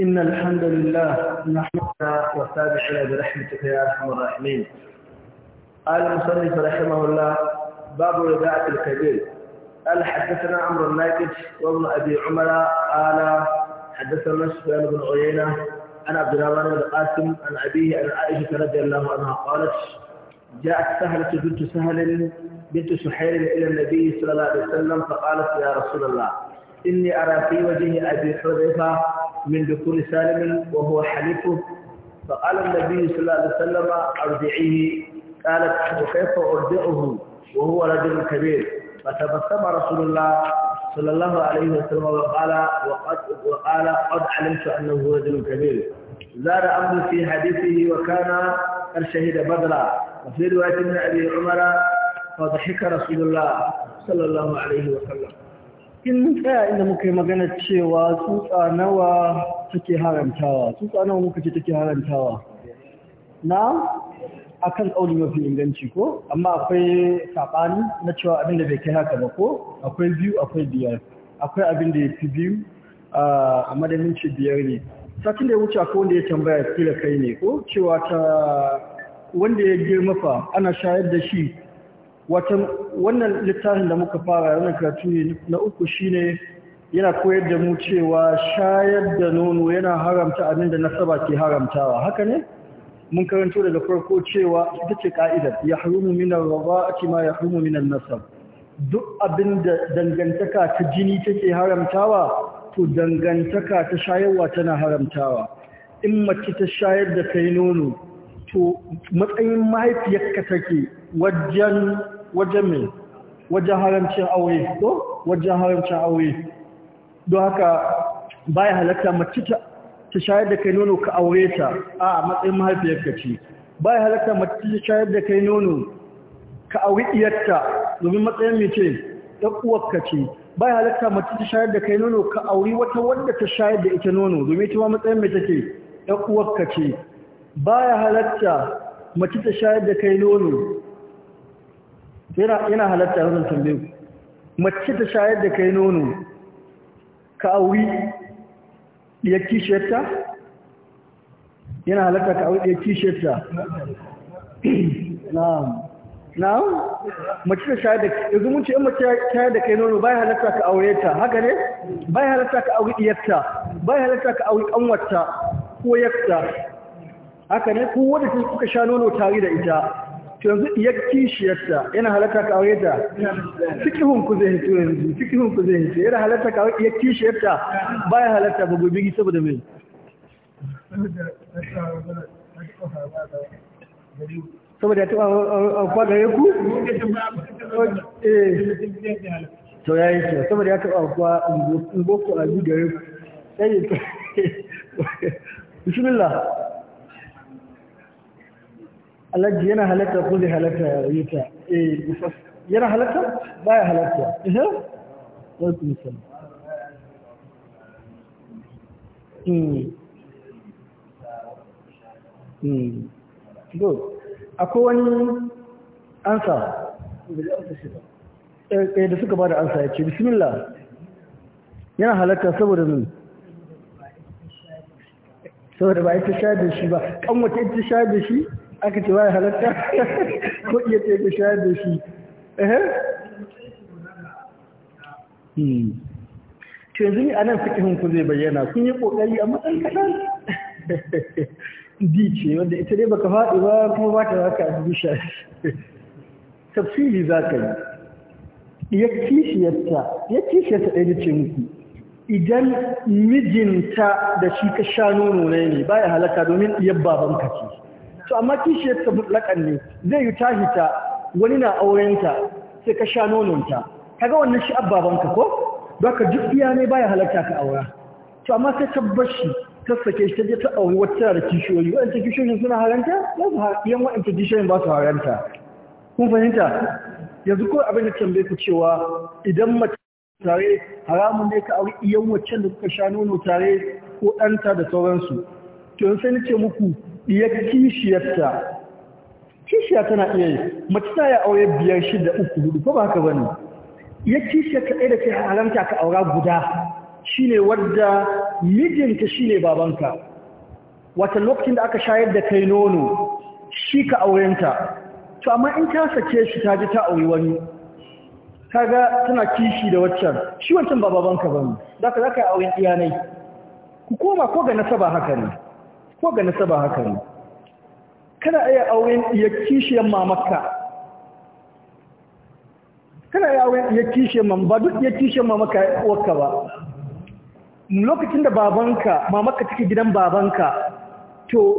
إن الحمد لله نحمدنا وتابعنا برحمتك يا أرحم الراحمين قال المصنف رحمه الله باب وداعة الكبير قال حدثنا عمرو الناكج وابن أبي عمر قال حدثنا سفيان بن عيينة عن عبد الرحمن بن القاسم عن أبيه عن عائشة رضي الله عنها قالت جاءت سهلة بنت سهل بنت سحير إلى النبي صلى الله عليه وسلم فقالت يا رسول الله إني أرى في وجه أبي حذيفة من دخول سالم وهو حليفه فقال النبي صلى الله عليه وسلم أرضعيه قالت وكيف أرضعه وهو رجل كبير فتبسم رسول الله صلى الله عليه وسلم وقال وقد وقال قد علمت أنه رجل كبير زاد أمر في حديثه وكان قد شهد بدرا وفي رواية ابن أبي عمر فضحك رسول الله صلى الله عليه وسلم in tsaya inda muka yi magana cewa tsutsa nawa take haramtawa tsutsa nawa muka ce take haramtawa na akan kauli mafi inganci ko amma akwai sabani na cewa abin da bai kai haka ba ko akwai biyu akwai biyar akwai abin da ya fi biyu a madadin ce biyar ne satin da ya wuce akwai wanda ya tambaya kila kai ne ko cewa ta wanda ya girmafa ana shayar da shi wannan littafin da muka fara yana karatu na uku shine yana koyar da mu cewa shayar da nono yana haramta abin da nasaba ke haramtawa haka ne mun karanto daga farko cewa ita ce ka'idar ya harumu minar raba'ati ma ya harumu minar nasab duk abin da dangantaka ta jini take haramtawa to dangantaka ta shayarwa tana haramtawa in mace ta shayar da kai nono to matsayin mahaifiyarka take wajen wajen mai wajen haramcin aure ko wajen haramcin aure don haka baya halatta mace ta shayar da kai nono ka aure ta a matsayin mahaifiyar ka ce baya halatta mace ta shayar da kai nono ka aure iyarta domin matsayin mace ɗan ka ce baya halatta mace ta shayar da kai nono ka aure wata wanda ta shayar da ita nono domin ita ma matsayin mai take ɗan ka ce baya halatta mace ta shayar da kai nono yana yana halatta wannan tambayu mace ta shayar da kai nono ka auri ya kishiyarta yana halatta ka auri ya kishiyarta na'am na'am mace ta shayar da yanzu mun ce in mace ta shayar da kai nono bai halatta ka aure ta haka ne bai halatta ka auri diyarta bai halatta ka auri kanwarta ko yarta haka ne ko wanda kuka sha nono tare da ita yanzu iya kishiyarta yana halatta ka aure ta hun ku zai yanzu fikihun ku zai hito yana halatta ka iya kishiyarta baya halatta ba gobe saboda mai saboda ya taba kwagare ku eh. to ya yi ce saboda ya taba kwa ungoku a gudare ku sai bismillah alhaji yana halatta ko zai halatta yi ta eh yana halatta ba ya halatta eh wasu misali good akwai wani ansa ɗaya eh, eh, da suka ba da ansa ya ce bismillah yana halatta saboda nun. saboda ba ita sha da shi ba kan wata ita sha da shi aka ce wai halatta ko iya ce ga shayar da shi hmm. to yanzu ni a nan fikihun ku zai bayyana kun yi kokari a matsayin kaɗan di ce wanda ita dai baka faɗi ba kuma ba ta zaka abu bisha tafsiri za ka yi ya kishiyarta ya kishiyarta ɗaya da ce muku idan mijinta da shi ka sha nono ne ba ya halaka domin iya babanka ce to amma kishiyarta mutlakan ne zai yi tahita wani na aurenta sai ka sha nononta kaga wannan shi abbabanka ko baka duk iya ne baya halarta ka aura to amma sai tabbar shi ta sake shi ta je ta auri wata da kishiyoyi waɗanda kishiyoyin suna haranta ba su yan waɗanda kishiyoyin ba su haranta kun fahimta yanzu ko abin da tambaye ku cewa idan mace tare haramun ne ka auri iyan waccan da suka sha nono tare ko ɗanta da sauransu to sai ni ce muku ya kishiyarta kishiya tana iya yi mace ta yi aure biyar shida uku hudu ko ba haka ba ne ya kishiyarta ɗaya da ke haramta ka aura guda shine wadda mijinta shine babanka wata lokacin da aka shayar da kai nono shi ka aurenta to amma in ta sake shi ta ji ta aure wani kaga tana kishi da waccan shi wancan ba babanka bane ka yi auren iyanai ku koma ko ga nasaba haka ne ko ga nasaba haka ne kana iya auren iya kishiyan mamaka kana iya auren iya kishiyan mam ba duk iya kishiyar mamaka wakka ba lokacin da babanka mamaka take gidan babanka to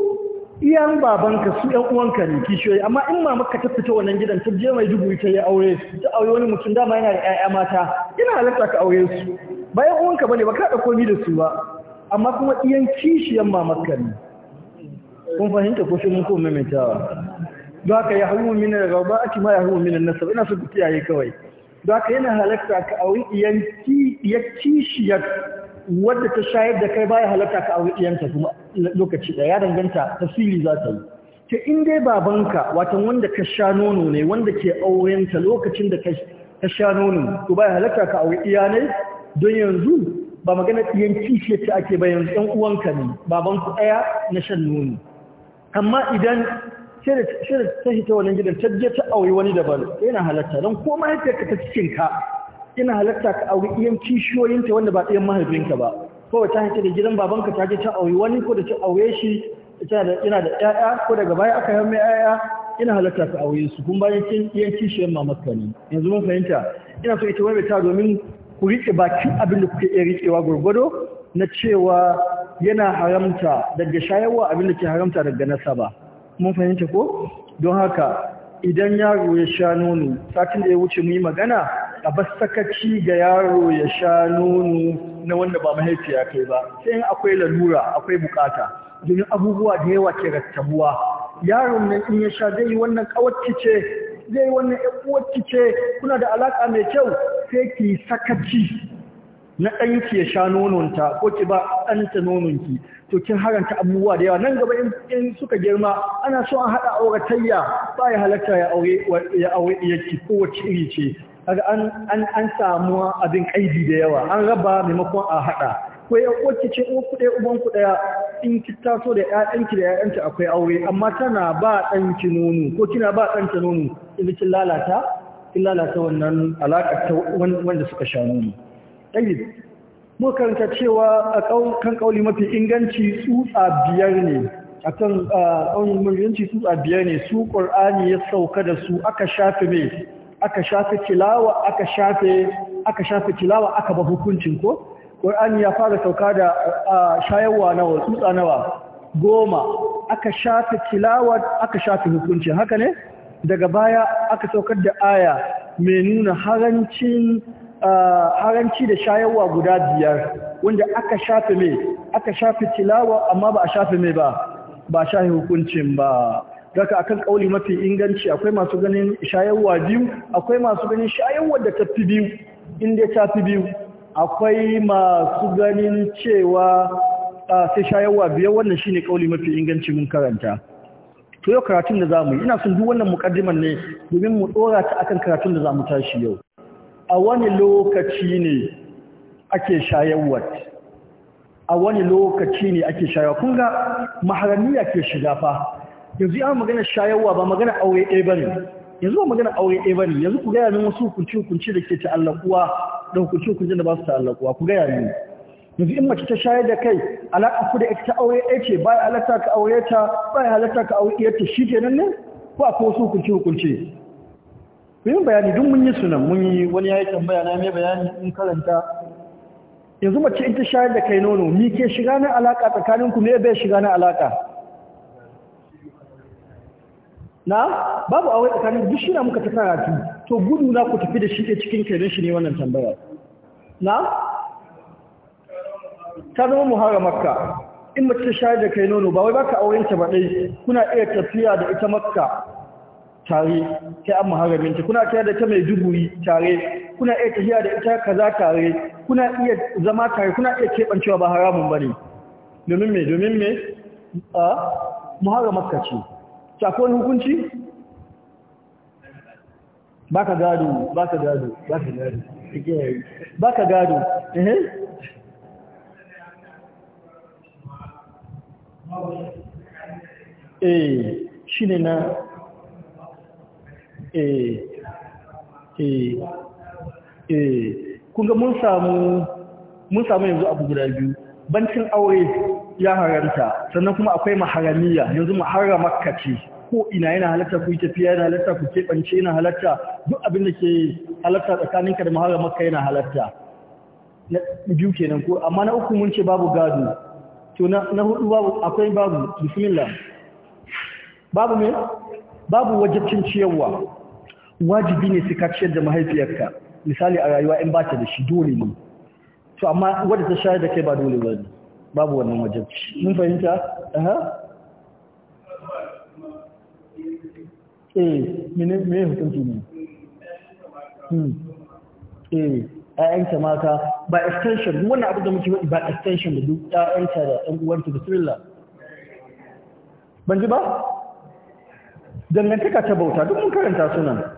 iyan babanka su ɗan uwanka ne kishiyoyi amma in mamaka ta fita wannan gidan ta je mai dubu ta yi aure ta aure wani mutum dama yana da ƴaƴa mata Ina halatta ka aure su Bayan uwanka uwanka bane ba ka da komi da su ba amma kuma iyan kishiyan mamaka ne kun fahimta ko sai mun ko maimaitawa don haka ya haru min rauba ake ma ya haru minar nasab ina su ku kiyaye kawai don haka yana halatta ka auri iyanki ya kishiyar wadda ta shayar da kai baya halatta ka auri iyanta kuma lokaci da ya danganta tasiri za ta yi ta in dai babanka watan wanda ka sha nono ne wanda ke aurenta lokacin da ka sha nono to baya halatta ka auri ne don yanzu ba magana iyan kishiyar ta ake ba yanzu yan uwanka ne babanku ɗaya na shan nono amma idan shirin ta hita wani gidan ta je ta aure wani daban yana halatta don ko mahaifiyarka ta cikin ka yana halatta ka aure iyan kishiyoyinta wanda ba ɗayan mahaifinka ba kawai ta hita da gidan babanka ta je ta aure wani ko da ta aure shi yana da 'ya'ya ko daga baya aka yi mai ƴaƴa ina halatta ka aure su kun bayan kin iyan kishiyar mamarka ne yanzu mun fahimta ina so ita wani ta domin ku riƙe bakin abin da kuke iya riƙewa gwargwado na cewa yana haramta daga shayarwa abin da ke haramta daga nasaba mun fahimta ko don haka idan yaro ya sha nono satin da ya wuce mu yi magana a basakaci ga yaro ya sha nono na wanda ba mahaifiya kai ba sai in akwai lalura akwai bukata domin abubuwa da yawa ke rattabuwa yaron nan in ya sha zai yi wannan kawacci ce zai yi wannan ƴan ce kuna da alaka mai kyau sai ki sakaci na ɗanki ya sha nononta ko ki ba ɗanta nononki to kin haranta abubuwa da yawa nan gaba in suka girma ana so an haɗa auratayya ba ya halatta ya aure ya aure yake kowace iri ce kaga an an samu abin kaidi da yawa an raba maimakon a haɗa ko ya kwace ce uwa ku uban ku ɗaya in ki taso da ƴaƴanki da ƴaƴanta akwai aure amma tana ba ɗanki nono ko kina ba ɗanta nono in kin lalata kin lalata wannan alaƙar wanda suka sha nono ɗayi mu karanta cewa a kan kauli mafi inganci tsutsa biyar ne a kan ƙaunin mulyanci tsutsa biyar ne su ƙur'ani ya sauka da su aka shafe mai aka shafe tilawa aka shafe aka shafe kilawa aka ba hukuncin ko ƙur'ani ya fara sauka da shayarwa nawa tsutsa nawa goma aka shafe tilawa aka shafe hukuncin haka ne daga baya aka saukar da aya mai nuna harancin haranci da shayarwa guda biyar wanda aka shafe mai aka shafe tilawa amma ba a shafe mai ba ba a shafe hukuncin ba daga akan kauli mafi inganci akwai masu ganin shayarwa biyu akwai masu ganin shayarwa da tafi biyu inda tafi biyu akwai masu ganin cewa sai shayarwa biyar wannan shine kauli mafi inganci mun karanta to yau karatun da za mu yi ina son duk wannan muqaddiman ne domin mu dora ta akan karatun da za mu tashi yau a wani lokaci ne ake shayarwa a wani lokaci ne ake shayarwa kun ga maharamiya ke shiga fa yanzu yana magana shayarwa ba magana aure ɗaya ba ne yanzu ba magana aure ɗaya ba ne yanzu ku gaya min wasu kunci-kunci da ke ta'allakuwa da kunci-kunci da ba su ta'allakuwa ku gaya ne. yanzu in mace ta shayar da kai alaƙa ku da ita aure ɗaya ce ba ya halatta ka aure ta ba ya halatta ka aure ɗaya ta shi ne ko akwai wasu kunci hukunci yin bayani duk mun yi sunan mun yi wani ya yi tambaya na mai bayani in karanta yanzu mace in ta shayar da kai nono ni ke shiga na alaka tsakanin ku me bai shiga na alaka na babu aure tsakanin duk shi na muka ta karatu to gudu na ku tafi da shi ke cikin kai shi ne wannan tambaya na ta zama Makka, in mace ta shayar da kai nono ba wai baka auren ta ba dai kuna iya tafiya da ita makka tare kai an muharramin ta kuna tare da ta mai duburi tare kuna iya tafiya da ita kaza tare kuna iya zama tare kuna iya keɓancewa ba haramun bane domin me domin me a muharramar ka ce ta ko hukunci baka gado baka gado baka gado baka gado eh eh shine na Eh, eh, eh. Kunga mun samu yanzu abu guda biyu bancin aure ya haramta sannan kuma akwai maharamiya yanzu maharama kace ko ina yana halatta ku yi tafiya yana halatta ku keɓance yana halatta duk abin da ke halatta tsakaninka da maharama ka yana halatta na biyu kenan ko amma na uku mun ce babu gado to na hudu babu akwai babu bismillah babu me babu wajibcin ciyarwa wajibi ne su kaciyar da mahaifiyarka misali a rayuwa in ba ta da shi dole ne to amma wadda ta shayar da kai ba dole ba ne babu wannan wajen mun fahimta aha eh mene me hukunci ne hmm eh ayyanta mata ba extension wannan abu da muke faɗi ba extension da duk ayyanta da ɗan ta da thriller ban ji ba dangantaka ta bauta duk mun karanta sunan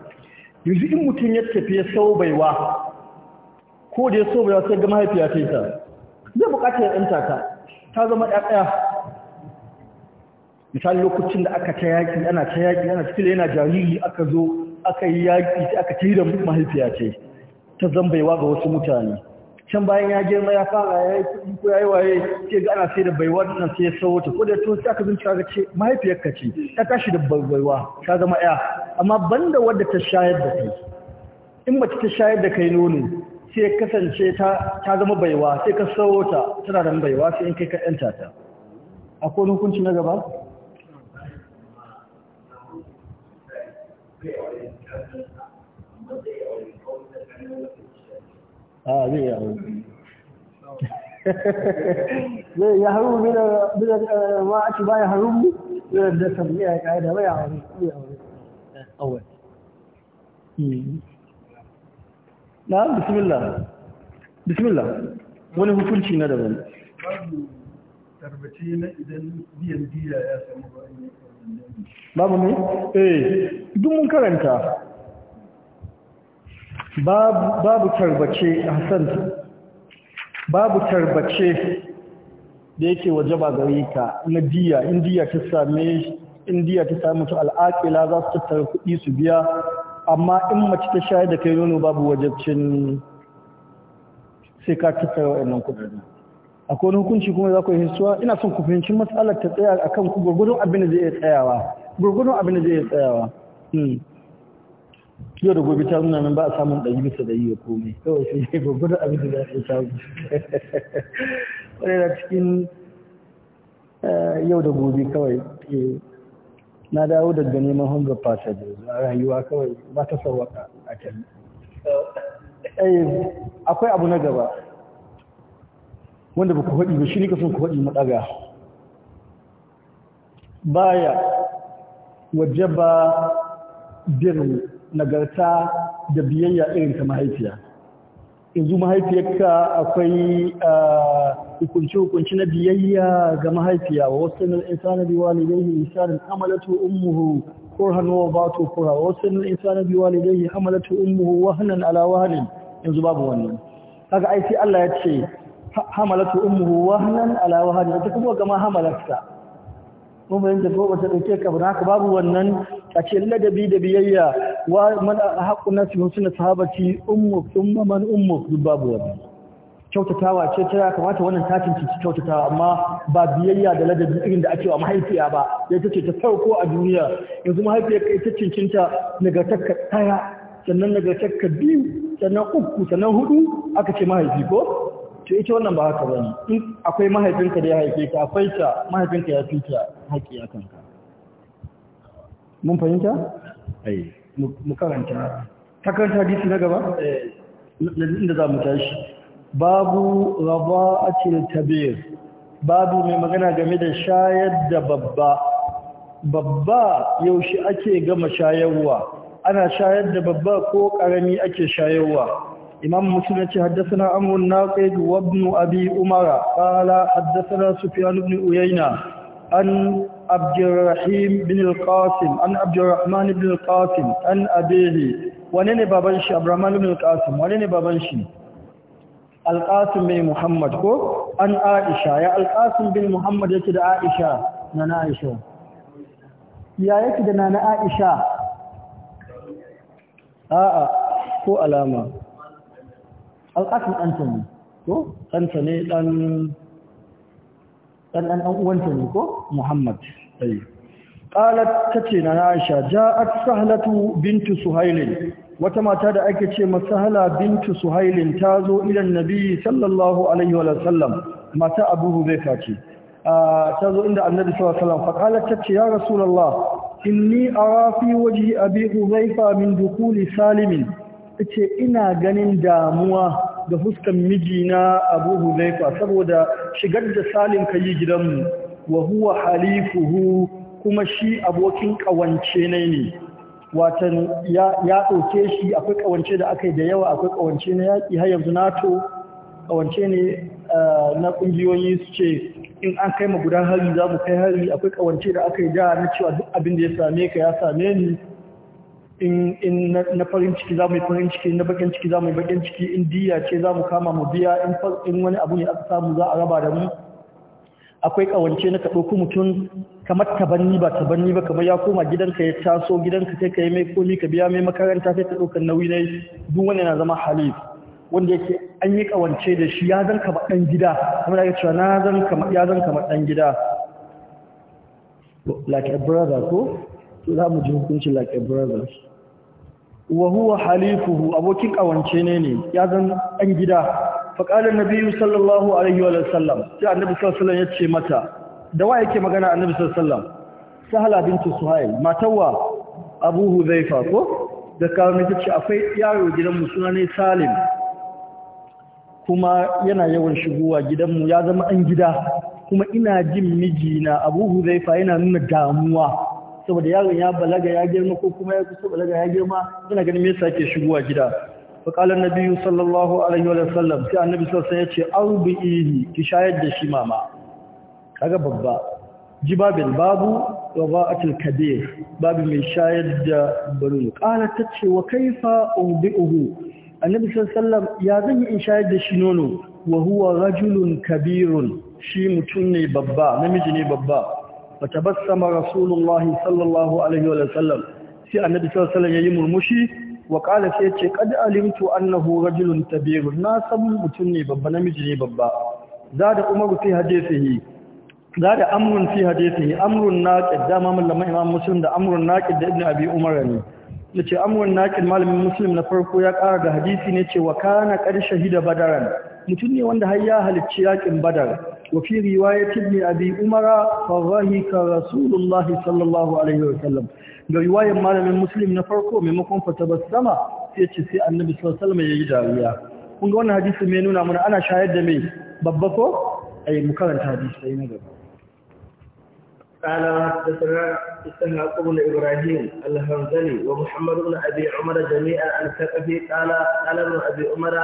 yanzu in mutum ya tafi ya sau baiwa ko da ya sau baiwa sai ga mahaifiya ta zai bukata ya ɗanta ta ta zama ɗaya misali lokacin da aka ta yaƙi ana ta yaƙi ana cikin yana jariri aka zo aka yi yaƙi aka yi da mahaifiya ce ta zambaiwa ga wasu mutane can bayan ya girma ya fara ya yi kuɗi ko ya yi waye ke ga ana sai da baiwa nan sai ya sawo ta ko da sai aka zunci ga ce ka ce ta tashi da baiwa ta zama ya amma banda wadda ta shayar da kai in mace ta shayar da kai nono sai ya kasance ta ta zama baiwa sai ka sawo ta tana da baiwa sai in kai ka yanta ta akwai hukunci na gaba a ah, zai yi aure zai yi haru mina ma a ci baya haru mu yana da sabbi a kai da bai aure zai aure hmm. na bismillah bismillah wani hukunci na daban babu ne? eh duk karanta babu tarbace hassan babu tarbace da yake waje ba gare ka na diya indiya ta same indiya ta samu su al'aqila za su tattara kuɗi su biya amma in mace ta shayar da kai nono babu wajabcin sai ka tattara wannan kuɗi akwai wani hukunci kuma za ku yi hisuwa ina son ku fahimci matsalar ta tsaya akan ku gurgurun abin da zai iya tsayawa gurgurun abin da zai iya tsayawa hmm. yau da gobe ta nuna nan ba a samun ɗari bisa da yi ya komai kawai sai gobe gwagwada abin da za a samu wani da cikin eh, yau da gobe kawai eh, na dawo daga neman hunger passage a rayuwa kawai ba ta sauwaka a can eh, akwai abu na gaba wanda ba ku haɗi ba shi ne ka son ku haɗi maɗaga baya ba birni nagarta da biyayya irin ta mahaifiya yanzu mahaifiyarka akwai ah, hukunci-hukunci na biyayya ga mahaifiya wa wasu nan insana bi walidaihi misalin amalatu ko hannuwa ba to kura wa wasu nan insana bi walidaihi amalatu ummuhu wahanan alawa ne yanzu babu wannan kaga ai sai Allah ya ce hamalatu ummuhu wahanan alawa wahanin ita kuma gama ma hamalarsa mun bayyana ko ba ta dauke ka ba haka babu wannan a ce ladabi da biyayya wa man haqqun nasu min sunna sahabati ummu umma man ummu babu wani kyautatawa ce ta kamata wannan ta cinci kyautatawa amma ba biyayya da ladabi irin da ake wa mahaifiya ba ya ce ta farko a duniya yanzu mahaifiya kai ta cincinta nagartakka ɗaya, sannan nagartakka biyu sannan uku sannan hudu aka ce mahaifi ko to ita wannan ba haka bane in akwai mahaifinka da ya haife ka akwai ta mahaifinka ya fi ta haƙi akan ka mun fahimta ai mu karanta ta karanta hadisi na gaba eh. inda za mu tashi babu raba a tabir babu mai magana game da shayar da babba babba yaushe ake gama shayarwa ana shayar da babba ko karami ake shayarwa imam muslim ce haddathana Amurin naqid wa ibn abi umara qala haddathana sufyan ibn uyayna an عبد الرحيم بن القاسم عن عبد الرحمن بن القاسم عن أبيه ونين بابنشي عبد الرحمن بن القاسم ونين بابنشي القاسم بن محمد كو عن عائشة يا القاسم بن محمد يتد عائشة نانا عائشة يا يتد نانا عائشة آآ كو علامة alƙasin ɗanta ne ko ɗanta ne ɗan ɗan ɗan uwanta ne ko muhammad qalat na Aisha ja'at sahlatu bintu suhailin wata mata da ake ce masahla bintu suhail ta zo idan nabi sallallahu alaihi wa sallam mata abu huzaifa ce ta zo inda annabi sallallahu alaihi wa sallam fa qalat tace ya rasulullah inni ara fi wajhi abi huzaifa min dukuli salimin ce ina ganin damuwa da fuskan mijina abu huzaifa saboda shigar da salin ka yi gidanmu wa huwa halifuhu kuma shi abokin ƙawance ne ne watan ya ɗauke shi akwai ƙawance da aka yi da yawa akwai ƙawance na yaƙi har yanzu nato ƙawance ne eh, na ƙungiyoyi su ce in an kai ma guda hari za mu kai hari akwai ƙawance da aka yi da na cewa duk abin da ya same ka ya same ni in na farin ciki za mu yi farin ciki na bakin ciki za mu yi bakin ciki in diya ce za mu kama mu biya in wani abu ne aka samu za a raba da mu akwai kawance na ka ɗauko mutum kamar tabanni ba tabanni ba kamar ya koma gidanka ya taso gidanka kai ka yi mai komi ka biya mai makaranta sai ka ɗaukar nauyi na duk wani yana zama halif wanda yake an yi kawance da shi ya zan kamar ɗan gida kamar da cewa na zan kamar ya zan kamar ɗan gida like a brother ko to za mu ji hukunci like a brother wa huwa halifuhu abokin kawance ne ne ya zan ɗan gida na biyu sallallahu alaihi wa sallam sai annabi sallallahu alaihi ya ce mata da wa yake magana annabi sallallahu alaihi sahala bintu suhail matawa abu huzaifa ko da kawo ta ce akwai yaro gidanmu suna ne salim kuma yana yawan shigowa gidanmu ya zama an gida kuma ina jin mijina abu huzaifa yana nuna damuwa saboda yaron ya balaga ya girma ko kuma ya kusa balaga ya girma yana ganin me yasa ke shigowa gida فقال النبي صلى الله عليه وسلم sai annabi sallallahu alaihi ce yace arbi'ihi ki shayar da shi mama kaga babba Ji babin babu wada'atul kabir babu mai shayar da barun ta ce wa kaifa umbi'uhu annabi sallallahu alaihi ya zan yi in shayar da shi nono wa huwa rajulun kabirun shi mutum ne babba namiji ne babba Ba ta basama rasulullahi sallallahu alaihi wasallam sai annabi sallallahu alaihi wasallam yayi murmushi Waƙala sai ce kad alimtu annahu rajulun tabir na san mutum ne babba namiji ne babba zada umaru fi hadithihi zada amrun fi hadithihi amrun naqid da mamul lamma imam muslim da amrun naqid da ibnu abi umar ne yace amrun naqid malamin muslim na farko ya ƙara da hadisi ne ce wa kana qad shahida badaran mutum ne wanda har ya halicci yakin badar wa fi riwayat ibn abi umara fa rahika rasulullahi sallallahu alaihi wa sallam ga riwayar malamin muslim na farko maimakon fatabar sama sai ce sai annabi sallallahu ya yi dariya kun ga wannan hadisi mai nuna muna ana shayar da mai babba ko ai mu karanta hadisi na gaba قال حدثنا na بن إبراهيم الهمزلي ومحمد بن أبي عمر جميعا عن الثقفي قال قال ابن أبي عمر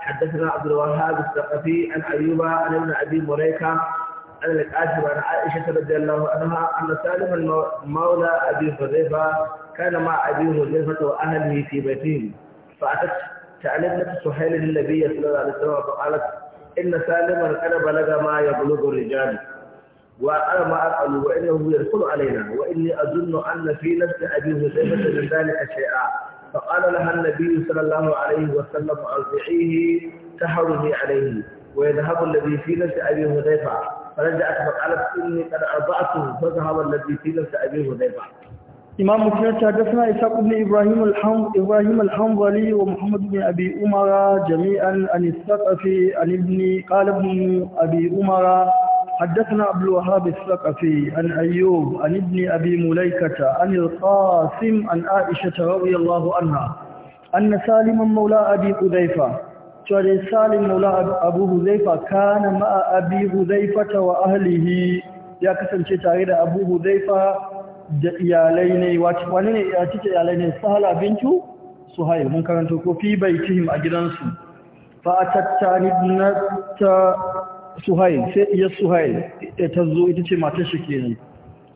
حدثنا عبد الوهاب الثقفي عن Ayuba عن ابن أبي مريكة عن الكاتب عن عائشة رضي الله عنها أن سالم مولى أبي حذيفة كان مع أبي حذيفة وأهله في بيته فأتت تعلمة سهيل للنبي صلى الله عليه وسلم فقالت إن سالما قد بلغ ما يبلغ الرجال وأنا ما أسأل وإنه يدخل علينا وإني أظن أن في نفس أبي حذيفة من ذلك شيئا فقال لها النبي صلى الله عليه وسلم أرضعيه تحرمي عليه ويذهب الذي في نفس أبي حذيفة فرجعت فقالت إني قد أرضعته فذهب الذي في نفس أبي هذيفة إمام مسلم حدثنا إسحاق بن إبراهيم الحم إبراهيم الحنظلي ومحمد بن أبي أمر جميعا عن الثقفي عن ابن قال ابن أبي أمر حدثنا عبد الوهاب الثقفي عن أيوب عن ابن أبي مليكة عن القاسم عن عائشة رضي الله عنها أن سالما مولى أبي حذيفة cewa salim maula abu huzaifa kana ma'a abi huzaifata wa ahlihi ya kasance tare da abu huzaifa da iyalai ne wani ne ya cike iyalai ne sahala bintu suhail mun karanta ko fi baitihim a gidansu fa atattani ta suhail sai iya suhail eh, ta zo ita ce matar shi kenan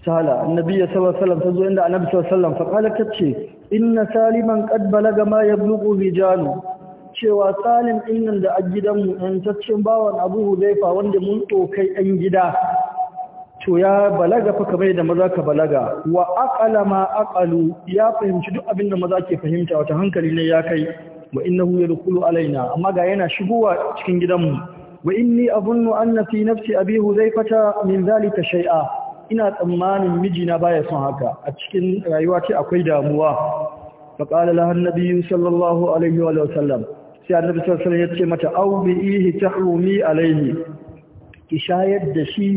sahala annabi ya alaihi wasallam ta zo inda annabi sallar. alaihi wasallam fa kala tace inna saliman qad balaga ma yablughu rijalu cewa salim ɗinnan da a gidanmu ‘yantaccen bawan abu huzaifa wanda mun tsokai ‘yan gida to ya balaga fa kamar da maza ka balaga wa aqala ma aqalu ya fahimci duk abin da maza ke fahimta wata hankali ne ya kai wa innahu yadkhulu alaina amma ga yana shigowa cikin gidanmu wa inni azunnu anna fi nafsi abi huzaifata min zalika shay'a ina tsammanin mijina baya son haka a cikin rayuwa ce akwai damuwa faqala laha an-nabiy sallallahu alaihi wa sallam sai annabi sallallahu alaihi ya ce mata au bi ihi tahrumi alaihi ki shayar da shi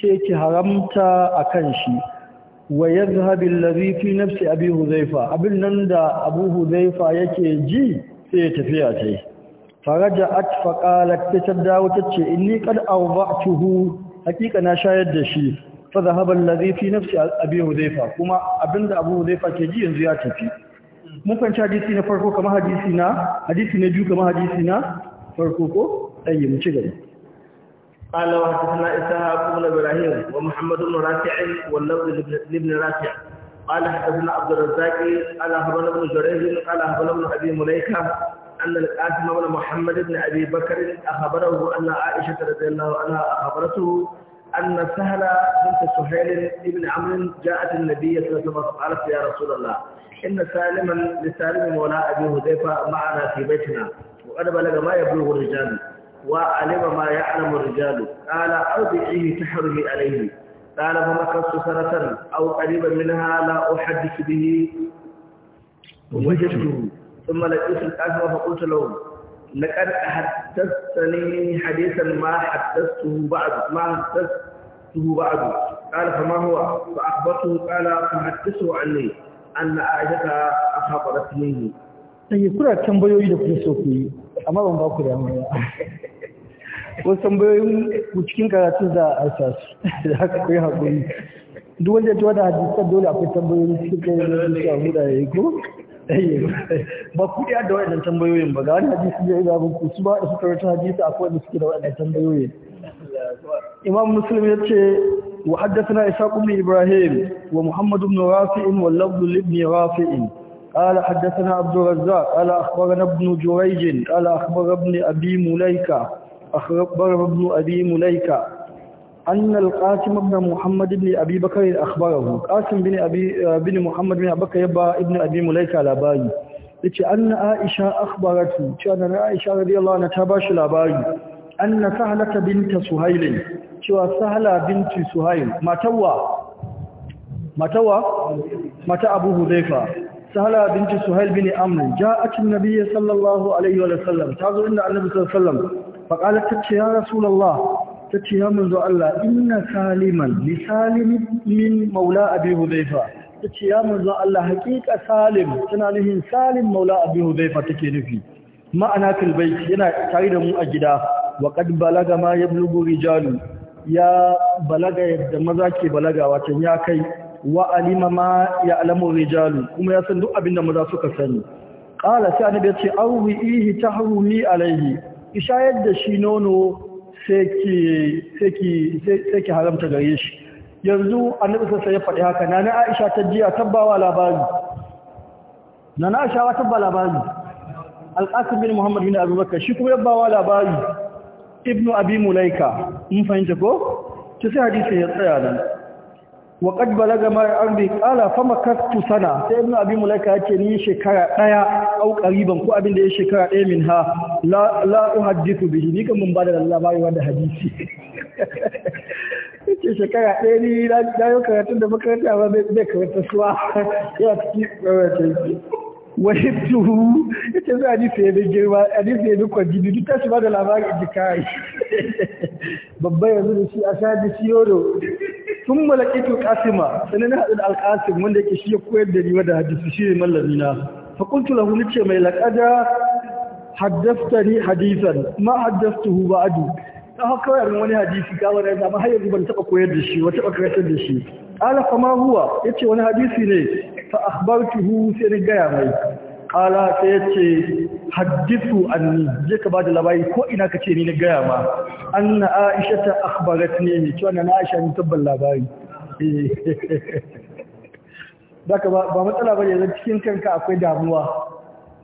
sai ki haramta akan shi wa yadhhabu alladhi fi nafsi abi huzaifa abin nan da abu huzaifa yake ji sai ya tafiya ta yi faraja'at faqalat tasaddawu tace inni qad awda'tuhu hakika na shayar da shi fa dhahaba alladhi fi nafsi abi huzaifa kuma abinda abu huzaifa ke ji yanzu ya tafi mun fanci hadisi na farko kamar hadisi na hadisi na biyu kamar hadisi na farko ko ɗaya mu ci gaba قال وحدثنا إسحاق بن إبراهيم ومحمد بن رافع واللفظ لابن رافع قال حدثنا عبد الرزاق قال أخبرنا بن جريج قال أخبرنا بن أبي مليكة أن القاسم بن محمد بن أبي بكر أخبره أن عائشة رضي الله عنها أخبرته أن سهلة بنت سهيل بن عمرو جاءت النبي صلى الله عليه وسلم فقالت يا رسول الله إن سالما لسالم مولى أبي هذيفة معنا في بيتنا وأنا بلغ ما يبلغ الرجال وعلم ما يعلم الرجال قال أرضعيه تحره عليه قال فمكثت سنة أو قريبا منها لا أحدث به وجدته ثم لقيت الأزمة فقلت له لقد حدثتني حديثا ما حدثته بعد ما حدثته بعد قال فما هو فأخبرته قال فحدثه عني an na aisha a haɓar fiye ne kuna tambayoyi da kuma so ku yi amma ban ba ku da yamma wasu tambayoyin ku cikin karatun za a aisa su da haka kai haƙuri duk wanda ya tuwa da dole akwai tambayoyi cikin kai da su a huda ya yi ko ba ku da waɗannan tambayoyin ba ga wani hadisi da ya zaɓi ku su ba da suka rata hadisi akwai da suke da waɗannan tambayoyin imam Musulmi ya ce وحدثنا إساق بن إبراهيم ومحمد بن رافع واللفظ لابن رافع قال حدثنا عبد الرزاق قال أخبرنا ابن جريج قال أخبر ابن أبي مليكة أخبر ابن أبي مليكة أن القاسم بن محمد بن أبي بكر أخبره قاسم بن أبي بن محمد بن أبي بكر يبا ابن أبي مليكة لاباري yace anna aisha akhbaratu cewa na aisha radiyallahu anha ta bashi labari anna sahlata binta suhailin cewa sahla binti suhail matawa matawa mata abu huzaifa sahla binti suhail bin amr ja'at an-nabiy sallallahu alaihi wa sallam tazo inda annabi sallallahu alaihi wa sallam faqalat tace ya rasulullah tace ya manzo Allah inna saliman li salim min maula abi huzaifa tace ya manzo Allah haqiqa salim tana nufin salim maula abi huzaifa take nufi ma'ana kalbai yana tare da mu a gida wa balaga ma yablugu rijalu ya balaga yadda maza ke balaga wato ya kai wa alima ma ya'lamu rijalu kuma ya san duk abinda maza suka sani qala sai annabi ya ce ta harumi alaihi ishayar da shi nono sai ki haramta gare shi yanzu annabi sai ya faɗi haka nana Aisha ta jiya tabbawa labari nana Aisha ta ba labari Al-Qasim bin Muhammad bin abubakar shi kuma ya bawa labari ibnu abi mulaika in fahimta ko to sai hadisi ya tsaya nan wa qad balaga ma arbi qala fa makastu sana sai ibnu abi mulaika yace ni shekara daya au qariban ko abin da ya shekara daya min ha la la uhaddithu bihi ni kan mun bada labari wanda hadisi ce shekara daya ni na yi karatun da makaranta ba bai karanta suwa ya ci wahittuhu ce za a ji sai girma a ji sai bin kwanjini duk ta ba da labarin jikai babba yanzu da shi a sha da shi yoro sun malakitu kasima sannan haɗin haɗu da alkasim wanda yake shi ya koyar da riwa da hadisi shi ne mallamina fakultu lahu ce mai laƙada ni hadisan ma hu haddastuhu ba'adu ta haka kawai wani hadisi ka wani zama har yanzu ban taɓa koyar da shi wa taɓa karatar da shi ƙala kama huwa ya ce wani hadisi ne fa akhbartuhu sai gaya mai qala sai yace hadithu anni je ka bada labari ko ina kace ni na gaya ma anna aisha ta akhbaratni ni to na aisha ni tabbal labari zaka ba ba matsala bane yanzu cikin kanka akwai damuwa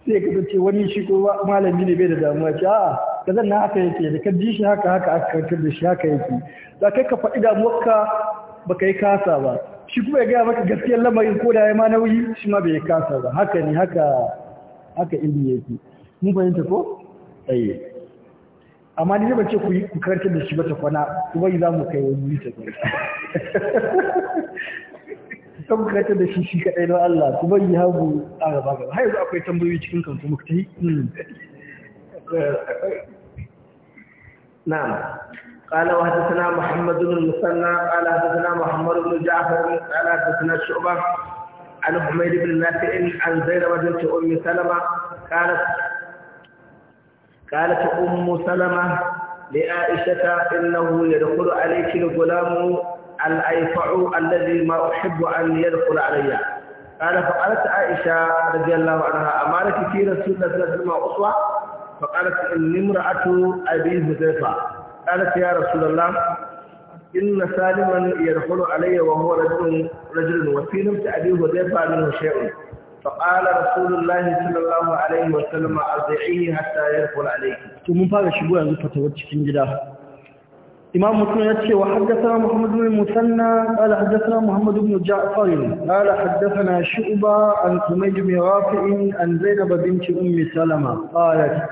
sai ka ce wani shi ko malami ne bai da damuwa ce a ka na haka yake da ka shi haka haka aka karkar da shi haka yake da kai ka faɗi damuwarka ba ka yi kasa ba shi kuma ya gaya maka gaskiyar lamarin ko da ya ma nauyi shi ma bai kasa ba haka ne haka haka ilmi yake mun fahimta ko tsaye eh. amma ni ba ce ku yi karantar da shi ba ta kwana kuma yi za mu kai wani ta kwana ta bukatar da shi shi kaɗai don Allah kuma yi hagu a gaba gaba har yanzu akwai tambayoyi cikin kan kuma ta yi hmm. na'am قال وحدثنا محمد بن المثنى قال حدثنا محمد بن جعفر قال حدثنا شعبة عن حميد بن نافع عن زينب بنت أم سلمة قالت قالت أم سلمة لعائشة إنه يدخل عليك الغلام الأيفع الذي ما أحب أن يدخل علي قال فقالت عائشة رضي الله عنها أمارك في رسول الله صلى الله عليه وسلم أسوة فقالت إني امرأة أبي حذيفة قالت يا رسول الله إن سالما يدخل علي وهو رجل رجل وفي نفس أبي هذيفة منه شيء فقال رسول الله صلى الله عليه وسلم أرضعيه حتى يدخل عليك ثم فاق شبوع زفة وتشكين جدا إمام مسلم يتشي وحدثنا محمد بن المثنى قال حدثنا محمد بن جعفر قال حدثنا شعبة عن حميد بن رافع عن زينب بنت أم سلمة قالت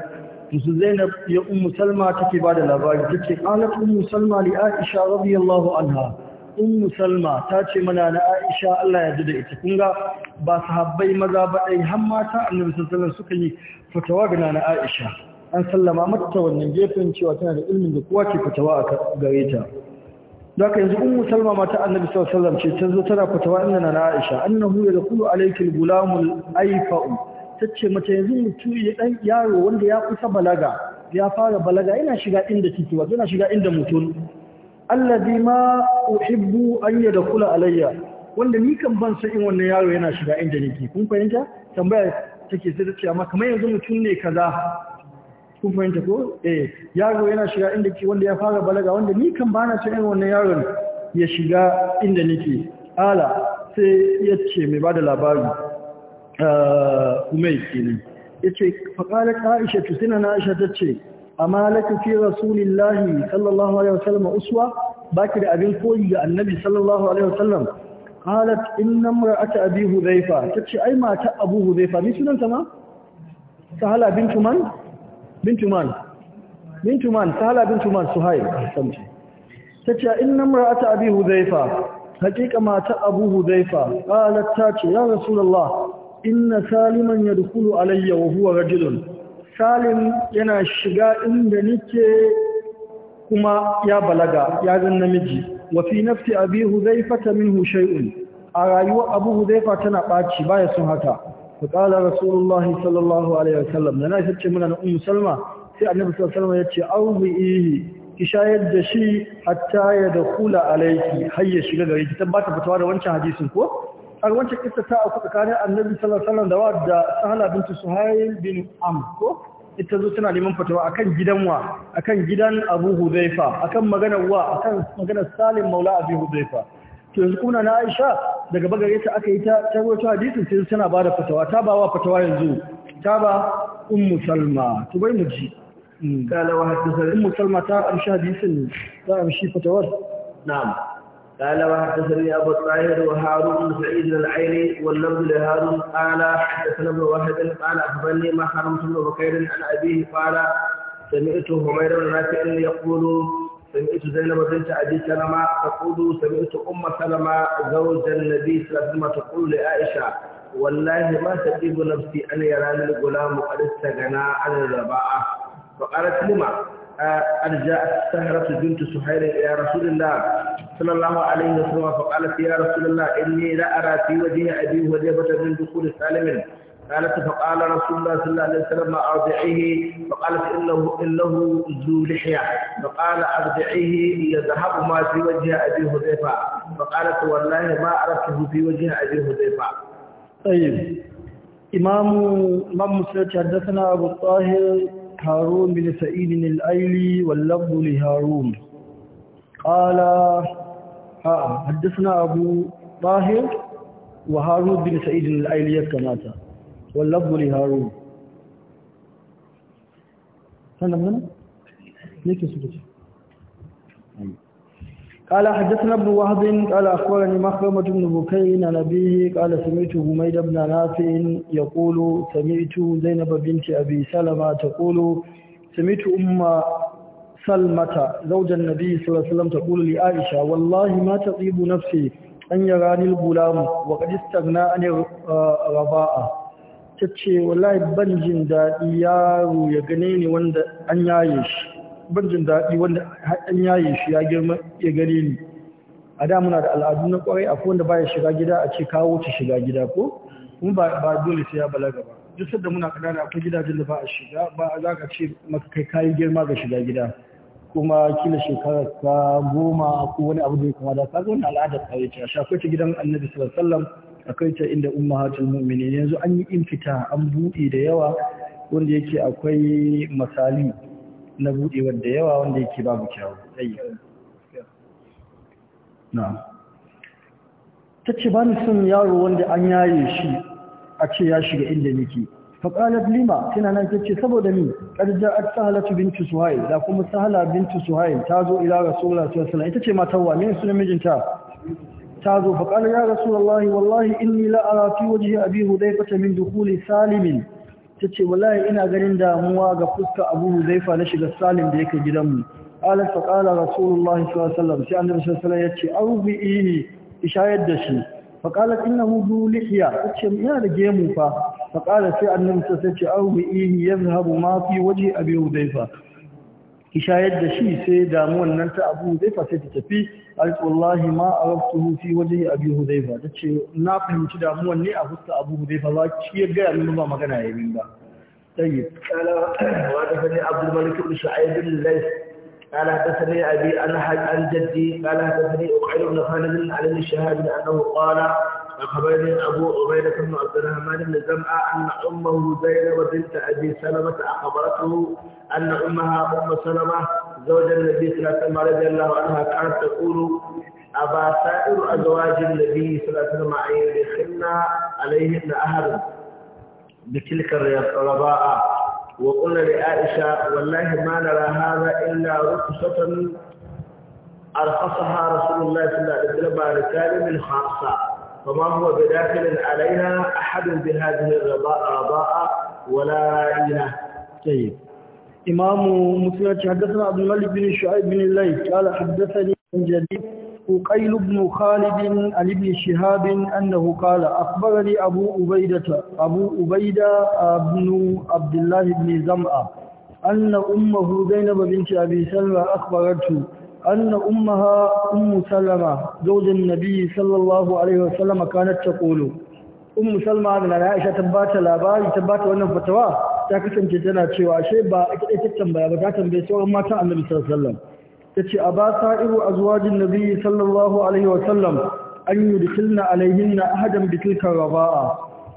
su zainab ya ummu salma take ba da labari ta ce qalat salma li aisha radiyallahu anha ummu salma ta ce mana na aisha Allah ya da ita kun ga ba sahabbai maza ba dai har mata annabi sallallahu alaihi suka yi fatawa ga na aisha an sallama mata wannan gefen cewa tana da ilmin da kowa ke fatawa a gare ta Zaka yanzu ummu salma mata annabi sallallahu alaihi wasallam ce ta zo tana fatawa inna na aisha annahu yadkhulu alayki al-gulamul Aifa'u. ta ce mata yanzu mutum ya ɗan yaro wanda ya kusa balaga ya fara balaga yana shiga inda titi wato yana shiga inda mutum allazi ma uhibbu an kula alayya wanda ni kan ban san in wannan yaro yana shiga inda nake kun fahimta tambaya take sai ta ce amma kamar yanzu mutum ne kaza kun fahimta ko eh yaro yana shiga inda ke wanda ya fara balaga wanda ni kan bana san in wannan yaron ya shiga inda nake ala sai ya ce mai bada labari umai kenan yace faqalat aisha tusina na aisha ta ce, amma laka fi rasulillahi sallallahu alaihi wasallam uswa baki da abin koyi ga annabi sallallahu alaihi wasallam qalat inna mar'ata abi ta ce ai mata abu hudhaifa ni sunan sama sahala bintuman man bintu man bintu man sahala bintu man suhail ahsanti tace inna mar'ata abi hudhaifa hakika mata abu hudhaifa qalat tace ya rasulullah inna saliman ya dukulu alayya wa huwa rajulun salim yana shiga inda nike kuma ya balaga ya zan namiji wa fi nafsi abi huzaifata minhu shay'un a rayuwar abu huzaifa tana baci baya sun haka fa qala rasulullah sallallahu alaihi wasallam dana yace mana um salma sai annabi sallallahu alaihi wasallam yace auhi ki shayar da shi hatta ya dakula alayki har ya shiga gare ki bata fitowa da wancan hadisin ko a wancan kissa ta auku tsakanin annabi sallallahu da da sahala bintu suhail bin am ko ita zo tana neman fatawa akan gidan wa akan gidan abu a akan maganar wa akan maganar salim maula abu hudaifa to yanzu kuma na aisha daga bagare ta aka yi ta tarwata hadisin sai tana ba da fatawa ta ba wa fatawa yanzu ta ba ummu salma to bai muji ji قال وحدثني ام سلمى ترى امشي حديث ترى امشي فتوات نعم قال وحدثني أبو الطاهر وهارون بن سعيد العيني واللفظ لهارون قال حدثنا ابن واحد قال أخبرني ما حرمت بن بكير عن أبيه قال سمعت همير بن نافع يقول سمعت زينب بنت أبي سلمة تقول سمعت أم سلمة زوج النبي صلى الله عليه وسلم تقول لعائشة والله ما تجيب نفسي أن يراني الغلام قد استغنى عن الرباعة فقالت لما أرجاء السهرة بنت سهيل إلى رسول الله صلى الله عليه وسلم فقالت يا رسول الله إني لا أرى في وجه أبي وجبة من دخول سالم قالت فقال رسول الله صلى الله عليه وسلم أرضعيه فقالت إنه, إنه ذو لحية فقال أرضعيه يذهب ما في وجه أبي هذيفة فقالت والله ما أردته في وجه أبي هذيفة طيب إمام إمام مسلم حدثنا أبو الطاهر هارون بن سعيد الأيلي واللفظ لهارون قال حدثنا أبو طاهر وهارون بن سعيد الأيلي كما واللفظ لهارون سنة من ليك سبحانه قال حدثنا ابن وهب قال أخبرني مخرمة بن بكير عن أبيه قال سمعت هميد بن نافع يقول سمعت زينب بنت أبي سلمة تقول سمعت أم سلمة زوج النبي صلى الله عليه وسلم تقول لعائشة والله ما تطيب نفسي أن يراني الغلام وقد استغنى عن رضاء تتشي والله بنجن دا إياه يغنيني وأن يعيش ban jin daɗi wanda haɗin yayin shi ya girma ya gani ni a da muna da al'adu na kwarai akwai wanda baya shiga gida a ce kawo ci shiga gida ko kuma ba dole sai ya balaga ba duk da muna kanana akwai gidajen da ba a shiga ba za ka ce maka kai kayi girma ga shiga gida kuma kila shekara ta goma ko wani abu da ya kama da ka wani al'adar kwarai ce a shakwai gidan annabi sallallahu alaihi wasallam akwai ta inda ummahatul mu'minin yanzu an yi infita an buɗe da yawa wanda yake akwai misali na budewar da yawa wanda yake babu kyawu na ta ce ba ni son yaro wanda an yaye shi a ce ya shiga inda nake faƙalar lima tana nan ta ce saboda ni ƙarjar a sahalatu bin suhail da kuma sahala bin suhail ta zo ila rasulullah sallallahu alaihi ita ce matan wa ne sunan mijinta ta zo faƙalar ya rasulullah wallahi inni la ara fi wajhi abi min dukhuli salimin ta ce wallahi ina ganin damuwa ga fuska abu huzaifa na shiga salim da yake gidanmu alas fa qala rasulullahi sallallahu alaihi wasallam sai annabi sallallahu alaihi ya ce arbihi ishayar da shi fa qala innahu du lihiya ta ce ina da gemu fa fa qala sai annabi sallallahu alaihi wasallam ya ce arbihi yadhhabu ma fi waji abi huzaifa ishayar da shi sai damuwan nan ta abu huzaifa sai ta tafi wallahi ma a rafta hufi waje ya abi hudaifa ta ce na fahimci damuwan ne a hutu abu hudaifa za ki yi gaya nuna ba magana ya yi ba tsaye kala wa ta sani abdul malik ibn sha'ib bin lais kala ta sani abi an hajj an jaddi kala ta sani uqayl ibn khalid bin ali bin shahab bin annahu qala wa khabarni abu ubayda bin abd alrahman bin zam'a an ummu zainab bint abi salama akhbaratuhu an ummaha ummu salama زوج النبي صلى الله عليه وسلم رضي الله عنها كانت تقول أبا سائر أزواج النبي صلى الله عليه وسلم اي لخنا عليهن أهل بتلك الرضاء وقلنا لعائشة والله ما نرى هذا إلا رخصة أرخصها رسول الله صلى الله عليه وسلم على كلام الخاصة فما هو بداخل علينا أحد بهذه الرضاء ولا اله طيب إمام مسلم حدثنا عبد الملك بن شعيب بن الليث قال حدثني من جديد وقيل بن خالد عن ابن شهاب أنه قال أخبرني أبو أبيدة أبو أبيدة بن عبد الله بن زمعة أن أمه زينب بنت أبي سلمة أخبرته أن أمها أم سلمة زوج النبي صلى الله عليه وسلم كانت تقول أم سلمة من عائشة تبات الأبار تبات وأنه فتواه ta kasance tana cewa ashe ba a kaɗai ta tambaya ba ta tambaye sauran mata annabi sallallahu alaihi wasallam ta ce a ba sa'iru azwajin nabi sallallahu alaihi wasallam an yi dukilna na ahadan bikin raba'a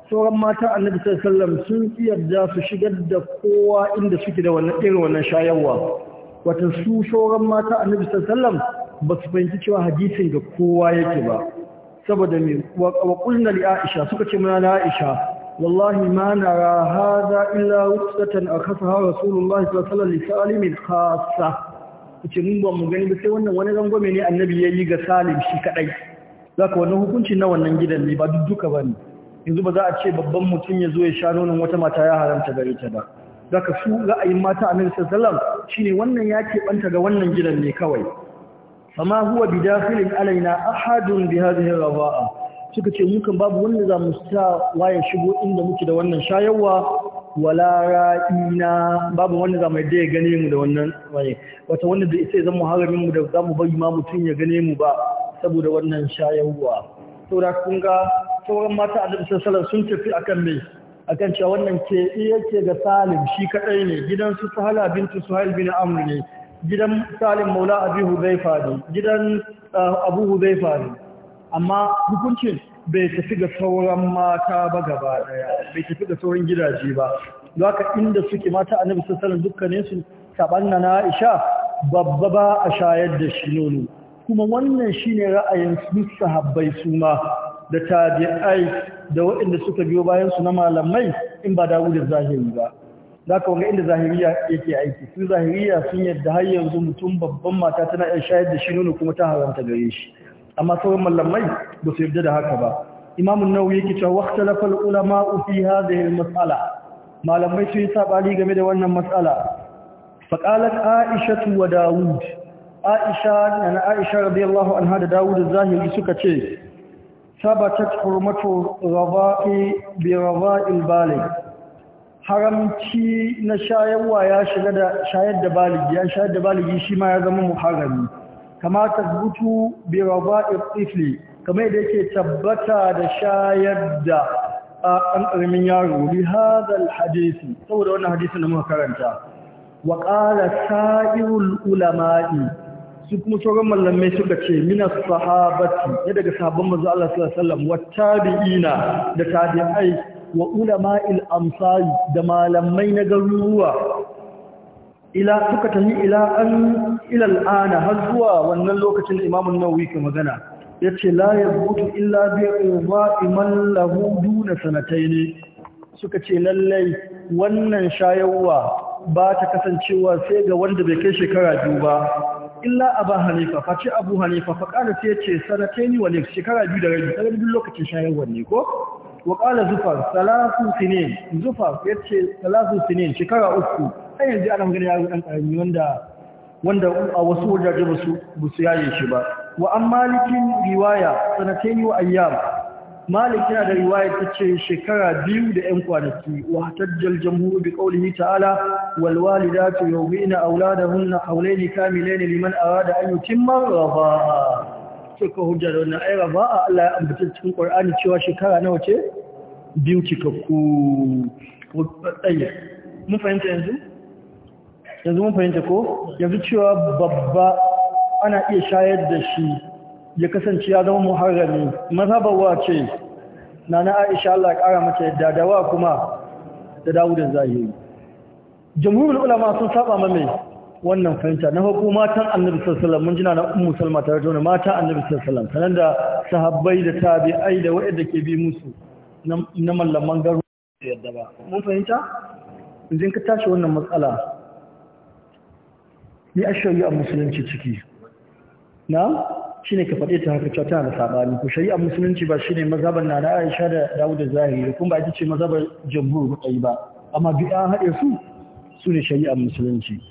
sauran mata annabi sallallahu alaihi wasallam sun yarda su shigar da kowa inda suke da wannan irin wannan shayarwa wata su sauran mata annabi sallallahu alaihi wasallam ba su fahimci cewa hadisin ga kowa yake ba saboda me wa qulna li aisha suka ce mana aisha والله ما نرى هذا إلا رخصة أخفها رسول الله صلى الله عليه وسلم خاصة ce mun ba mu gani ba sai wannan wani rangwame ne annabi ya yi ga salim shi kadai zaka wannan hukunci na wannan gidan ne ba dukka bane yanzu ba za a ce babban mutum ya zo ya sha nonon wata mata ya haramta gare ta ba zaka su ra'ayin mata a alaihi wasallam shine wannan ya banta ga wannan gidan ne kawai fama huwa bidakhilin alaina ahadun bi hadhihi rawa'a suka ce mukan babu wanda za mu sa waya shigo inda muke da wannan shayarwa wala ra'ina babu wanda za mu yadda ya gane mu da wannan waye wata wanda da isa zan muharramin mu da za bari ma mutum ya gane mu ba saboda wannan shayarwa saboda kun ga sauran mata annabi sallallahu sun tafi akan me akan cewa wannan ke yake ga Salim shi kadai ne gidan su Sahala bintu Suhail bin Amr ne gidan Salim Maula Abi Hudayfa ne gidan ah, Abu Hudayfa ne amma hukuncin bai tafi ga sauran mata ba gaba daya bai tafi ga sauran gidaje ba zaka inda suke mata annabi sallallahu alaihi wasallam dukkanin su na Aisha babba ba a shayar da shi nono kuma wannan shine ra'ayin su sahabbai su ma da tabi'ai da waɗanda suka biyo bayan su na malamai in ba dawo da zahiri ba zaka wanga inda zahiriya yake aiki su zahiriya sun yadda har yanzu mutum babban mata tana iya shayar da shi nono kuma ta haramta gare shi amma sauran mallamai ba su yarda da haka ba imamun nawawi yake cewa waqtalafa ulama fi hadhihi al-mas'ala malamai sun sabali game da wannan mas'ala faqalat aisha wa daud aisha na aisha radiyallahu anha da daud az-zahiri suka ce sabatat hurmatu ghada'i bi ghada'il baligh haramci na shayarwa ya shiga da shayar da baligi ya shayar da baligi shi ma ya zama muharrami kama tazbutu bi raba'i tifli kamar da yake tabbata da shayar da an ƙaramin yaro bi hadal hadisi saboda wannan hadisi na muka karanta wa ƙara sa'irul ulama'i su kuma sauran mallamai suka ce mina sahabati ya daga sabon manzo Allah sallallahu wa tabi'ina da tabi'ai wa ulama'il amsali da malamai na garuruwa ila suka tafi ila an ilal ana har zuwa wannan lokacin imamun nawawi ke magana yace la butu illa bi irba'i man lahu duna sanataini suka ce lallai wannan shayarwa ba ta kasancewa sai ga wanda bai kai shekara biyu ba illa abu hanifa face abu hanifa fa kana sai yace sanataini wa shekara biyu da rabi kaga lokacin shayarwa ne ko Waƙala qala zufar salatu sinin zufar ce salatu sinin shekara uku sai yanzu ana magana yaro dan karami wanda wanda a wasu wajaje ba su yaye shi ba wa an malikin riwaya sanatayn wa ayyam malik da riwaya tace shekara biyu da yan kwanaki wa tajjal jamhur bi qawlihi ta'ala wal walidatu yawmina auladahunna ne kamilayn liman da an yutimma radha'a ka hujja da aira ba a Allah ya ambata cikin ƙwar'ani cewa shekara nawa ce biyu cikakku tsaye mun fahimta yanzu yanzu mun fahimta ko yanzu cewa babba ana iya shayar da shi ya kasance ya zama muharrami mazabawa ce na Aisha Allah ya kara mata da dawa kuma da da zahiri jumhurul ulama sun saba mai wannan fahimta na farko matan annabi sallallahu mun jina na ummu salma tare da wani mata annabi sallallahu sanan da sahabbai da tabi'ai da wa'anda ke bi musu na mallaman garo yadda ba mun fahimta idan ka tashi wannan matsala ni ashari'a musulunci ciki na shine ka fade ta haka cewa tana da sabani ko shari'a musulunci ba shine mazhaban na Aisha da Dawud da Zahiri kuma ba ita ce mazhabar jumhur ba amma bi'a haɗe su sune shari'a musulunci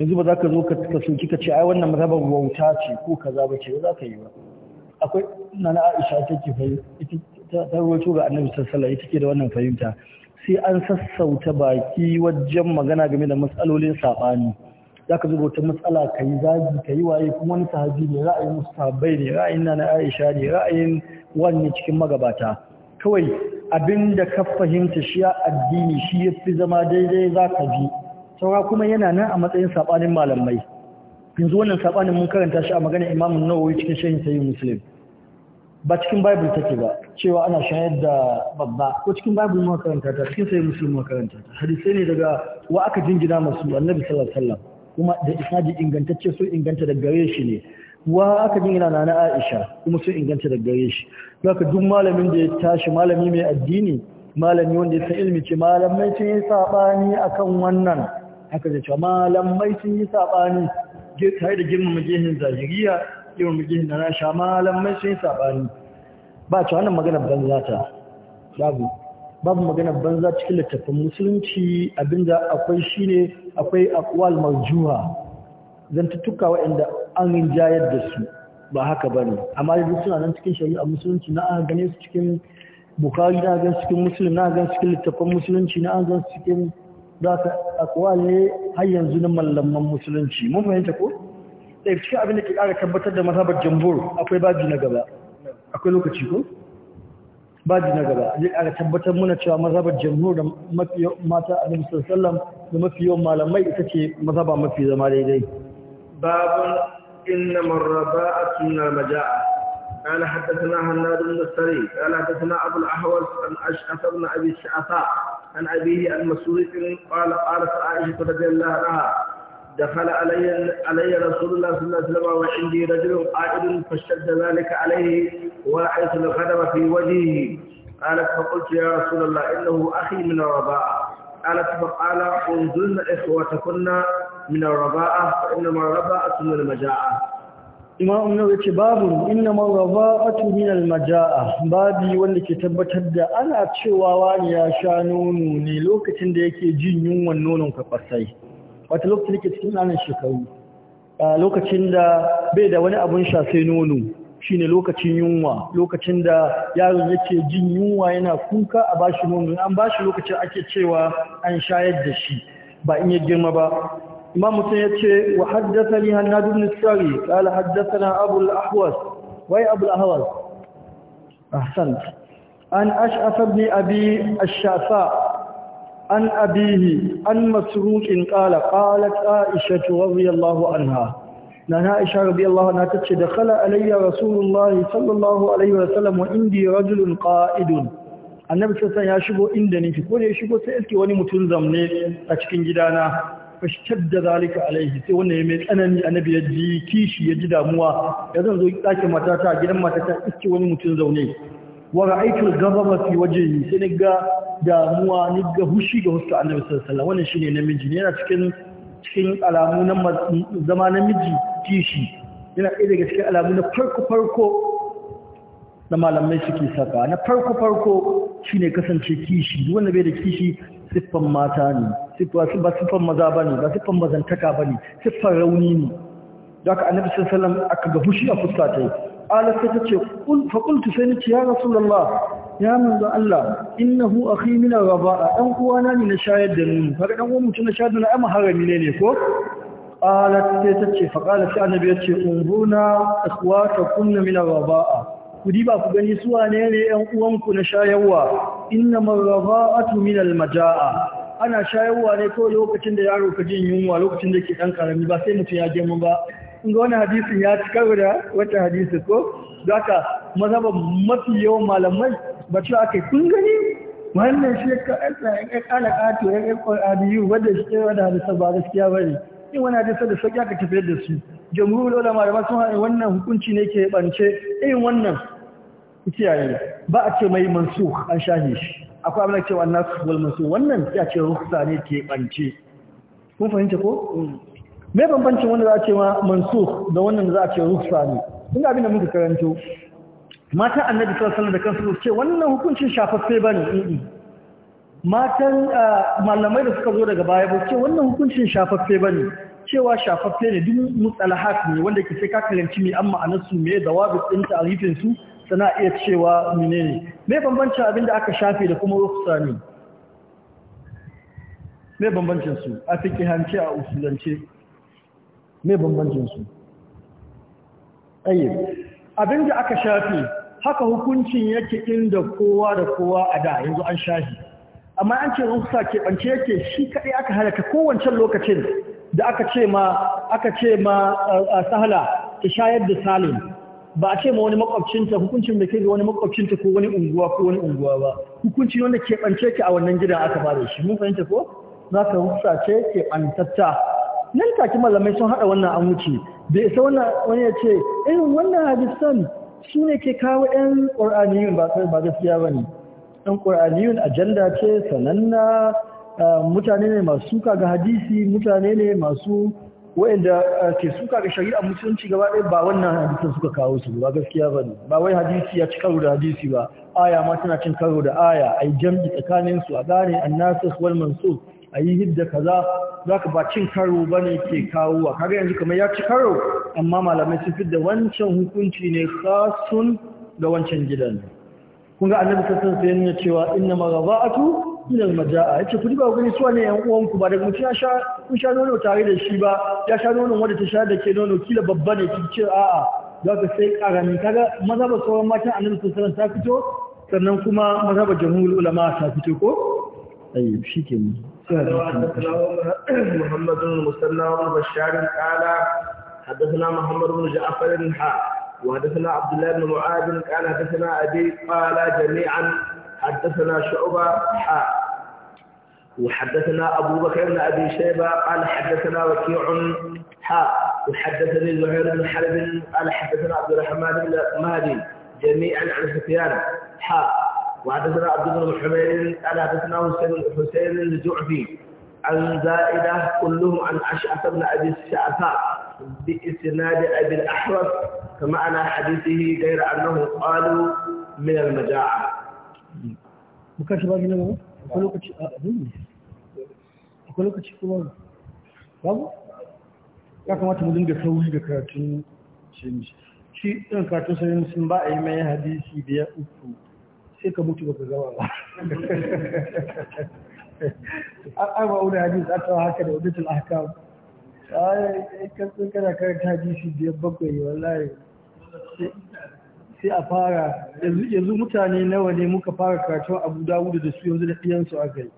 yanzu ba za ka zo ka soki ka ce ai wannan mazhabar wauta ce ko kaza ba ce ba za ka yi ba akwai nana Aisha take ta rawaito ga Annabi sallallahu alaihi wasallam ita ke da wannan fahimta sai an sassauta baki wajen magana game da matsalolin saɓani za ka zuba wata matsala ka yi zagi ka yi waye kuma wani sahabi ne ra'ayin musabai ne ra'ayin nana aisha ne ra'ayin wani cikin magabata kawai abin da ka fahimta shi addini shi ya fi zama daidai za ka ji. saura kuma yana nan a matsayin sabanin malamai yanzu wannan sabanin mun karanta shi a maganar Imam Nawawi cikin Sahih Sahih Muslim ba cikin Bible take ba cewa ana shayar da babba ko cikin Bible mun karanta ta cikin Sahih Muslim mun karanta ta hadisi ne daga wa aka jingina masu Annabi sallallahu alaihi wasallam kuma da isnadi ingantacce so inganta da gare shi ne wa aka jingina na na Aisha kuma so inganta da gare shi haka duk malamin da ya tashi malami mai addini malami wanda ya san ilmi ce malamai sun yi sabani akan wannan aka da cewa mai sun yi saɓani tare da girmama gehen zahiriya girmama gehen na rasha mai sun yi saɓani ba ta wannan maganar banza ta babu babu maganar banza cikin littattafan musulunci abinda akwai shi ne akwai akwal zan zantattuka waɗanda an rinjayar da su ba haka ba ne amma duk suna nan cikin shari'a musulunci na an gane su cikin bukari na gan cikin musulun na gan cikin littattafan musulunci na an gan cikin da ka akwal ne har yanzu na mallaman musulunci mun fahimta ko da cikin abin da ke ƙara tabbatar da mazhabar jambur akwai baji na gaba akwai lokaci ko baji na gaba zai ƙara tabbatar muna cewa mazhabar jambur da mafi mata a nabi Sallam da mafi yawan malamai ita ce mazhaba mafi zama daidai babun inna marraba'atu na maja'a قال حدثنا هناد بن السري قال حدثنا ابو الاحوص عن اشعث بن ابي الشعثاء عن أبيه عن مسعود قال قالت عائشة رضي الله عنها دخل علي علي رسول الله صلى الله عليه وسلم وعندي رجل قائد فاشتد ذلك عليه ورأيت الغضب في وجهه قالت فقلت يا رسول الله إنه أخي من الرضاعة قالت فقال انزلن إخوتكن من الرضاعة فإنما الرضاعة من المجاعة imam nawa ce babu inna rafa'atu min almaja'a babi wanda ke tabbatar da ana cewa wani ya sha nono ne lokacin da yake jin yunwan nonon kwasai wata lokacin yake cikin nan shekaru lokacin da bai da wani abun sha sai nono shine lokacin yunwa lokacin da yaron yake jin yunwa yana kuka a bashi nono an bashi lokacin ake cewa an shayar da shi ba in ya girma ba imam mutum ya ce wa haddasa ni hannadu bin sari ƙala haddasa na abul ahwas wai abul ahwas ahsan an ash'asa bin abi ash-shafa abihi. An عن مسروق قال قالت عائشة رضي الله عنها نحن عائشة رضي الله عنها تتشي دخل علي رسول الله صلى الله عليه وسلم وعندي رجل قائد annabi sassan ya shigo inda nake ko da ya shigo sai iske wani mutum zamne a cikin gidana fashkadda zalika alaihi sai wanda ya mai tsanani annabi ya ji kishi ya ji damuwa ya zan zo ɗakin matata gidan matata iske wani mutum zaune wa ra'aytu ghadaba fi wajhihi sai ni ga damuwa ni ga hushi ga huska annabi sallallahu alaihi wasallam wannan shine namiji ne yana cikin cikin alamu na zama namiji kishi yana ɗaya daga cikin alamu na farko farko na malamai suke saka na farko farko shine kasance kishi wanda bai da kishi siffan mata ne ba siffan maza ba ne ba siffan mazantaka ba ne siffan rauni ne da aka annabi sallallahu alaihi aka ga fushi a fuska ta yi ala sai ta ce fa qultu sai ni ya rasulullah ya manzo Allah innahu akhi min raba'a dan uwana ne na shayar da ni kaga dan uwan mutum na shayar da ni amma harami ne ne ko ala sai ta ce fa qala sai annabi ya ce umbuna ikhwatakum min raba'a ku diba ku gani su wane ne ‘yan uwanku na shayarwa, inna marraba atu minal maja'a, ana shayarwa ne kawai lokacin da yaro ka jin yunwa lokacin da ke ɗan karami ba sai mutum ya girma ba in ga wani hadisin ya ci karo da wata hadisi ko za ka mazhaban mafi yawan malamai ba ce aka yi kun gani wannan shi ka ƙala ƙato ya ƙarƙar adiyu wadda shi ɗaya da hadisa ba gaskiya ba ne in wani hadisa da sauƙi aka tafiyar da su lola ma da masu haɗe wannan hukunci ne ke ɓance irin wannan kiyaye ba a ce mai mansukh an shahe shi akwai abin da cewa nasu wal masu wannan ya ce ruksa ne ke ɓance kun fahimta ko me bambancin wanda za a ce ma mansukh da wannan za a ce ruksa ne kun abin da muka karanto matan annabi sallallahu alaihi da kansu ce wannan hukuncin shafaffe bane eh matan ah, malamai da suka zo daga baya ba ce wannan hukuncin shafaffe bane cewa shafaffe ne duk mutsalahat ne wanda ke sai ka karanci mai amma anasu me da din ta'rifin su sana iya cewa menene me bambancin abin da aka shafe da kuma ne me bambancin su a hanci a usulance me bambancin su ayyib abin da aka shafe haka hukuncin yake inda kowa da kowa a da yanzu an shafi amma an ce rukhsa ke bance yake shi kadai aka halaka kowancen lokacin da aka ce ma aka ce ma sahala ta shayar da salim ba a ce ma wani makwabcinta hukuncin da ke ga wani makwabcinta ko wani unguwa ko wani unguwa ba hukunci wanda ke ki a wannan gidan aka bada shi mun fahimta ko za ka rusa ce ke nan take malamai sun haɗa wannan an wuce bai isa wannan wani ya ce irin eh, wannan hadisan su ne ke kawo ɗan ƙur'aniyun ba sai ba gaskiya ba ne ɗan ƙur'aniyun ajanda ce sananna ah, mutane ne masu suka ga hadisi mutane ne masu Wa'inda eh, ke suka ga shari'a musulunci gaba ɗaya ba wannan hadisin suka kawo su ba gaskiya ba ne ba wai hadisi ya ci karo da hadisi ba aya ma tana cin karo da aya a yi jam'i tsakanin su a gane annasis wal mansur a yi hidda kaza zaka ba cin karo ba ne ke kawo wa kaga yanzu kamar ya ci karo amma malamai sun da wancan hukunci ne khasun ga wancan gidan kun ga annabi sassan sai ya cewa inna maghaza'atu ilal majaa yace ku ba gani su ne yan uwanku ba daga mutum ya sha nono tare da shi ba ya sha nonon wanda ta sha da ke nono kila babba ne ki ce a'a za ka sai karami kaga maza ba sauran matan annabi sallallahu ta fito sannan kuma maza ba jami'ul ulama ta fito ko ayi shike محمد بن المثنى وبشار قال حدثنا محمد بن جعفر وحدثنا عبد الله بن معاذ قال حدثنا ابي قال جميعا حدثنا شعبة حاء وحدثنا أبو بكر بن أبي شيبة قال حدثنا وكيع حاء وحدثني زهير بن حلب قال حدثنا عبد الرحمن بن مهدي جميعا عن سفيان حاء وحدثنا عبد الله بن حمير قال حدثنا حسين حسين الجعفي عن زائدة كلهم عن أشعث بن أبي الشعثاء بإسناد أبي الأحرف فمعنى حديثه غير أنه قالوا من المجاعة muka shi gina na gaba akwai lokaci a abin ne akwai lokaci kuma babu ya kamata mu dinga sauri da karatun shi shi ɗin karatun sayin sun ba a yi mai hadisi da ya uku sai ka mutu baka gaba ba an arba wani hadisi a tawa haka da udatul ahkam ai kan kana karanta hadisi biyar bakwai wallahi sai a fara yanzu mutane nawa ne muka fara karatun abu dawuda da su yanzu da ɗiyansu aka yi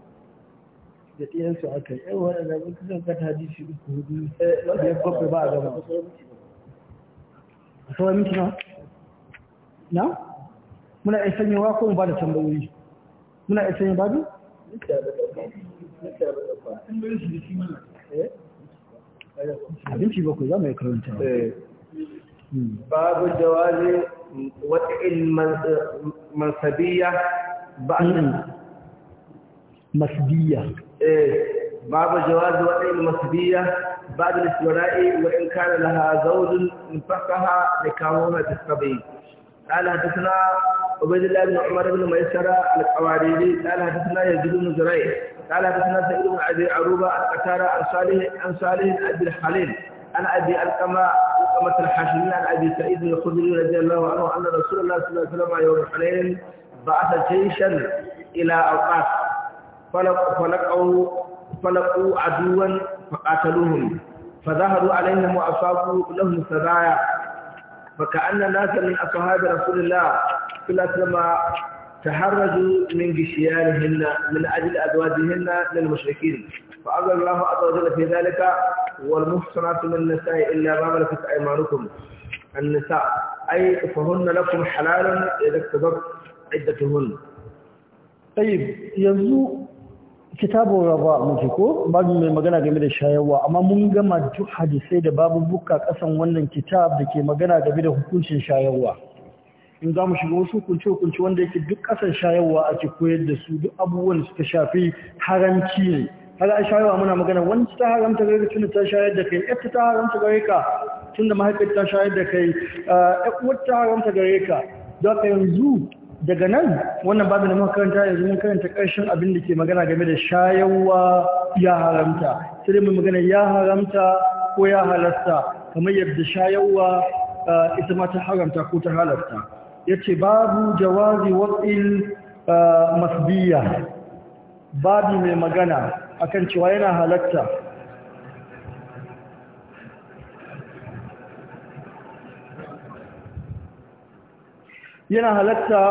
da ɗiyansu aka yi yawan da mun kusan kata hadisi uku hudu da ya bakwai ba a gama a sauran miki na? na? muna iya sanya wa ko ba da tambayoyi muna iya sanya babu? Eh? abinci bakwai za mu yi karanta eh. باب الجواز وضع المنصبية بعد مسبية إيه باب الجواز وضع المنصبية بعد الاستمراء وإن كان لها زوج انفقها لكامونة الصبي قال حدثنا عبيد الله بن عمر بن ميسرة القواريري قال حدثنا يزيد بن زريع قال حدثنا سيد بن عبد عروبه عن قتاره عن صالح عن صالح بن ابي الحليم عن ابي القمه علقمة الحاشمي عن أبي سعيد الخدري رضي الله عنه أن رسول الله صلى الله عليه وسلم يوم حنين بعث جيشا إلى أوقات فلقوا فلقوا عدوا فقاتلوهم فظهروا عليهم وأصابوا لهم سبايا فكأن الناس من أصحاب رسول الله صلى الله عليه وسلم تحرجوا من جشيانهن من أجل أزواجهن للمشركين فأذل الله عز وجل في ذلك والمحصنات من النساء إلا ما ملكت أيمانكم النساء أي فهن لكم حلالا إذا اكتبت عدتهن طيب يزو كتاب raba مجيكو بعد babu mai جميل game أما shayarwa amma mun gama duk hadisai da babu buka kasan wannan kitab da ke magana in za mu shiga wasu kunce-kunce wanda yake duk kasan shayarwa a cikin koyar da su duk abubuwan suka shafi haranci ne kaga an shayarwa muna magana wanda ta haramta gare ka tunda ta shayar da kai ita ta haramta gare ka da mahaifiyar ta shayar da kai eh, ƴan ta haramta gare ka don ka yanzu daga nan wannan babu da makaranta yanzu mun karanta ƙarshen abin da ke magana game da shayarwa ya haramta sai magana ya haramta ko ya halasta kamar yadda shayarwa eh, ita ma ta haramta ko ta halasta yace babu jawazi wa'il eh, masbiya babu mai magana akan cewa yana halatta yana halatta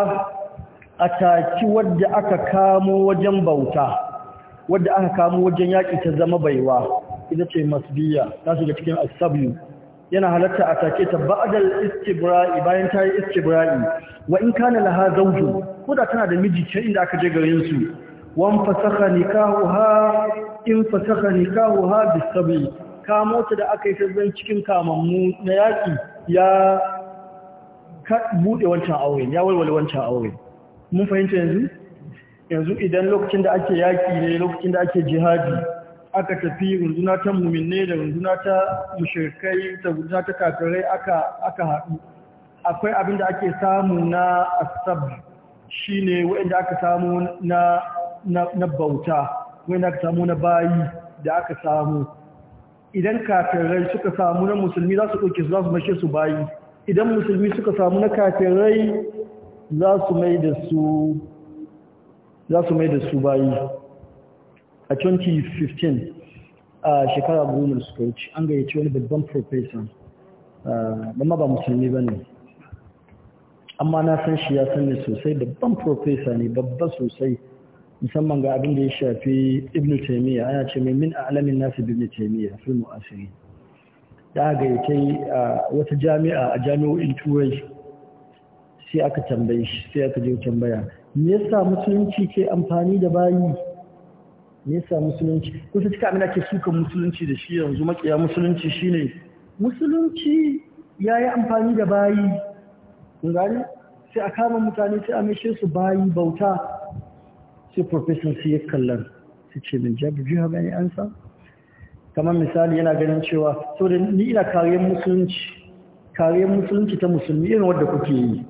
a taki wadda aka kamo wajen bauta wadda aka kamo wajen yaƙi ta zama baiwa ita ce masbiya ta shiga cikin asabu yana halatta a take ta ba'dal istibra'i bayan ta yi istibra'i wa in kana laha zawju ko da tana da miji ce inda aka je garin su وانفسخ نكاحها انفسخ نكاحها Ka kamota da aka yi tazzan cikin kamammu na yaki? ya buɗe wancan aure. ya walwale wancan aure. mun fahimta yanzu yanzu idan lokacin da ake yaki ne lokacin da ake jihadi aka tafi runduna ta muminne da runduna ta mushirkai da runduna ta kafirai aka haɗu akwai abin da ake samu na asab shine waɗanda aka samu na na bauta wai na samu na bayi da aka samu idan kafirai suka samu na musulmi za su ɗauke su za su mashe su bayi idan musulmi suka samu na kafirai za su mai da su za su mai da su bayi a 2015 a shekara goma da suka wuce an gayyaci wani babban professor amma ba musulmi ba ne amma na san shi ya san ne sosai babban profesa ne babba sosai musamman ga abin da ya shafi ibn taimiyya ana ce mai min alamin nasu ibn taimiyya fil mu'asiri da ga ya a wata jami'a a jami'o'in turai sai aka tambaye shi sai aka je tambaya me yasa musulunci ke amfani da bayi me yasa musulunci ko sai cika amina ke sukan musulunci da shi yanzu makiya musulunci shine musulunci yayi amfani da bayi kun sai a kama mutane sai a mai su bayi bauta sai professor su yi kallar su ce min jabi do you yi ansa? kamar misali yana ganin cewa so da ni ina kariyar musulunci kariyar musulunci ta musulmi irin wadda kuke yi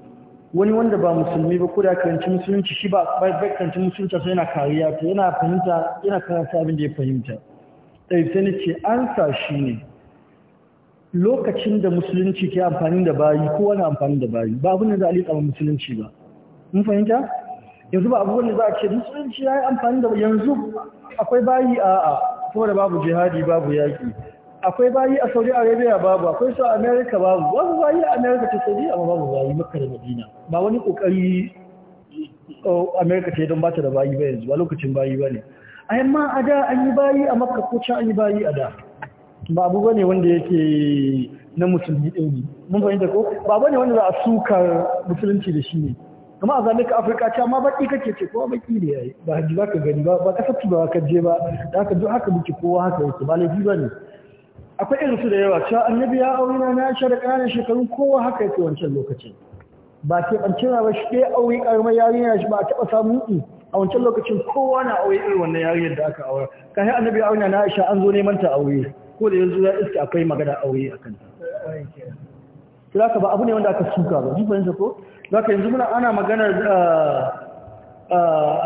wani wanda ba musulmi ba ko da karanci musulunci shi ba bai karanci musulunci sai yana kariya ta, yana fahimta yana karanta abin da ya fahimta sai sai ce ansa ne lokacin da musulunci ke amfani da bayi ko wani amfani da bayi ba abin da za a liƙa musulunci ba mun fahimta yanzu ba abubuwan da za a ce musulunci ya yi amfani da yanzu akwai bayi a a kuma da babu jihadi babu yaƙi akwai bayi a saudi arabia babu akwai su a america babu babu bayi a america ta saudi amma babu bayi makka da madina ba wani kokari america ta yi don ba ta da bayi ba yanzu ba lokacin bayi ba ne a yamma a da an yi bayi a makka ko can an yi bayi a da ba abu ba ne wanda yake na musulmi ɗin mun fahimta ko ba ba ne wanda za a sukar musulunci da shi ne amma a zane ka afirka ce ma baki kake ce kowa baki ne yayi ba haji ba ka gani ba ba kasar ba ka je ba da haka duk haka muke kowa haka yake ba laifi ba ne akwai irin su da yawa cewa annabi ya aure na na shara ƙananan shekarun kowa haka yake wancan lokacin ba ke ɓancina ba shi ɗaya aure ƙarmar yarinya shi ba a taɓa samun ɗi a wancan lokacin kowa na aure irin wannan yarinyar da aka aure ka yi annabi aure na aisha an zo neman ta aure ko da yanzu ya iska akwai magana aure a kanta. Kira ka ba abu ne wanda aka suka ba, ji fahimta ko? zaka yanzu muna ana maganar eh, eh,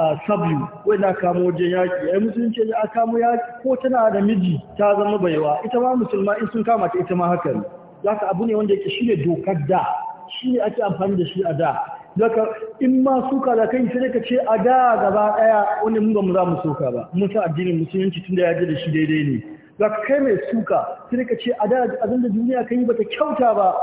eh, sabyu wai na kamo wajen yaƙi yi musulunci ya kamo yaƙi ko tana da miji ta zama baiwa ita ma musulma in sun kama ta ita ma haka ne zaka abu ne wanda yake ne dokar da shi ne ake amfani da shi a da zaka in ma suka da kai sai ka ce a da gaba ɗaya wani mun ba mu za mu soka ba mun sa addinin musulunci tunda ya ji da shi daidai ne zaka kai mai suka sai ka ce a da abin da duniya yi bata kyauta ba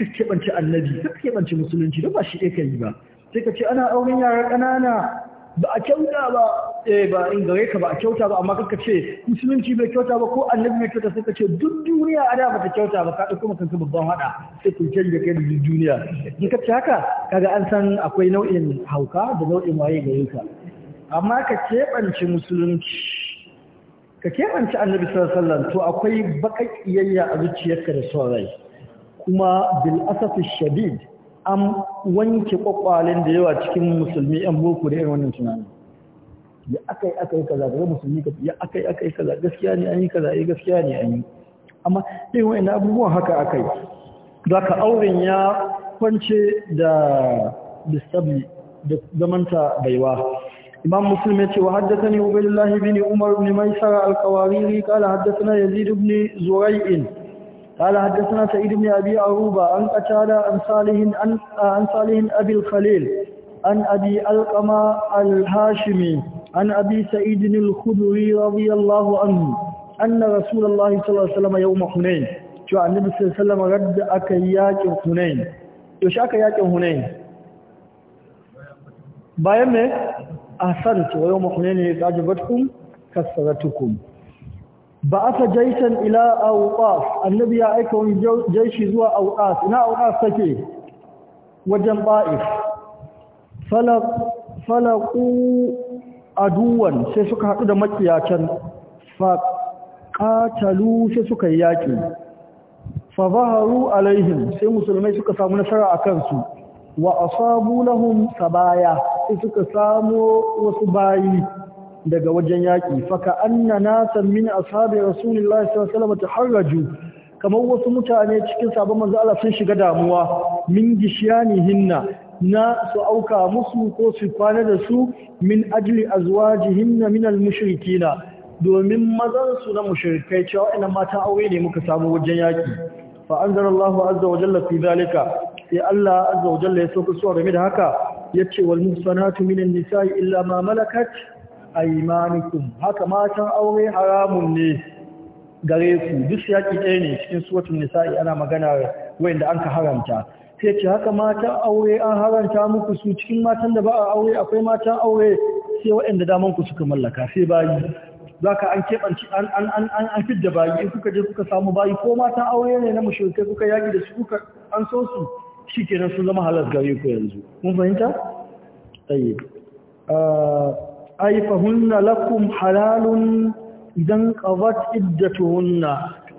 ka keɓance annabi ka keɓance musulunci don ba shi ɗaya ka yi ba sai ka ce ana auren yara ƙanana ba a kyauta ba eh ba in gare ka ba a kyauta ba amma ka ce musulunci bai kyauta ba ko annabi bai kyauta sai ka ce duk duniya a da ba ta kyauta ba ka ɗauko maka ka babban haɗa sai ku canza kai da duk duniya in ka ce haka kaga an san akwai nau'in hauka da nau'in waye gare ka amma ka keɓance musulunci ka keɓance annabi sallallahu alaihi wasallam to akwai baƙaƙiyayya a zuciyarka da son rai kuma bil'asafi shadid an wanke kwakwalin da yawa cikin musulmi yan boko da irin wannan tunani ya aka yi aka yi kaza ga musulmi ka ya aka yi aka yi kaza gaskiya ne an yi kaza ya eh, gaskiya ne an yi amma irin wa'annan abubuwan haka aka yi za ka auren ya kwance da bisabli da zamanta baiwa إمام مسلم يقول Bini Umar, الله بن عمر بن ميسر القواريري قال حدثنا yazid ibn زريع قال حدثنا سعيد بن أبي عروبة عن قتادة عن صالح عن, عن صالح أبي الخليل عن أبي القمى الهاشمي عن أبي سعيد الخدري رضي الله عنه أن رسول الله صلى الله عليه وسلم يوم حنين شو عن النبي صلى الله عليه وسلم رد أكياك حنين يوش أكياك حنين بايمه أحسنت ويوم حنين يجعجبتكم كسرتكم ba aka jaisan ila auqaf annabi ya aika wani jaishi zuwa auqaf ina auqaf take wajen ba'if falaq falaqu aduwan sai suka hadu da makiyacan fa qatalu sai suka yaki fa zaharu alaihim sai musulmai suka samu nasara akan su wa asabu lahum sabaya sai suka samu wasu bayi daga wajen yaƙi faka anna nasan min ashabi rasulillahi sallallahu alaihi wasallam taharraju kamar wasu mutane cikin sabon manzo Allah sun shiga damuwa min hinna na su auka musu ko su kwana da su min ajli azwajihinna min almushrikina domin mazan su na mushrikai cewa ina mata aure ne muka samu wajen yaki fa anzalallahu azza wa jalla fi zalika sai Allah azza wa jalla ya sauka su game da haka yace wal muhsanatu minan nisa'i illa ma malakat aimanikum haka matan aure haramun ne gare ku duk yaki ɗaya ne cikin suratul nisa'i ana magana wanda an ka haramta sai ce haka matan aure an haramta muku su cikin matan da ba a aure akwai matan aure sai waɗanda daman ku suka mallaka sai bayi zaka an kebanci an an an an fidda bayi in kuka je kuka samu bayi ko matan aure ne na mushrikai kuka yaki da su kuka an so su shikenan sun zama halal gare ku yanzu mun fahimta tayyib ah, ai fahunna lakum halalun idan qabat iddatuhunna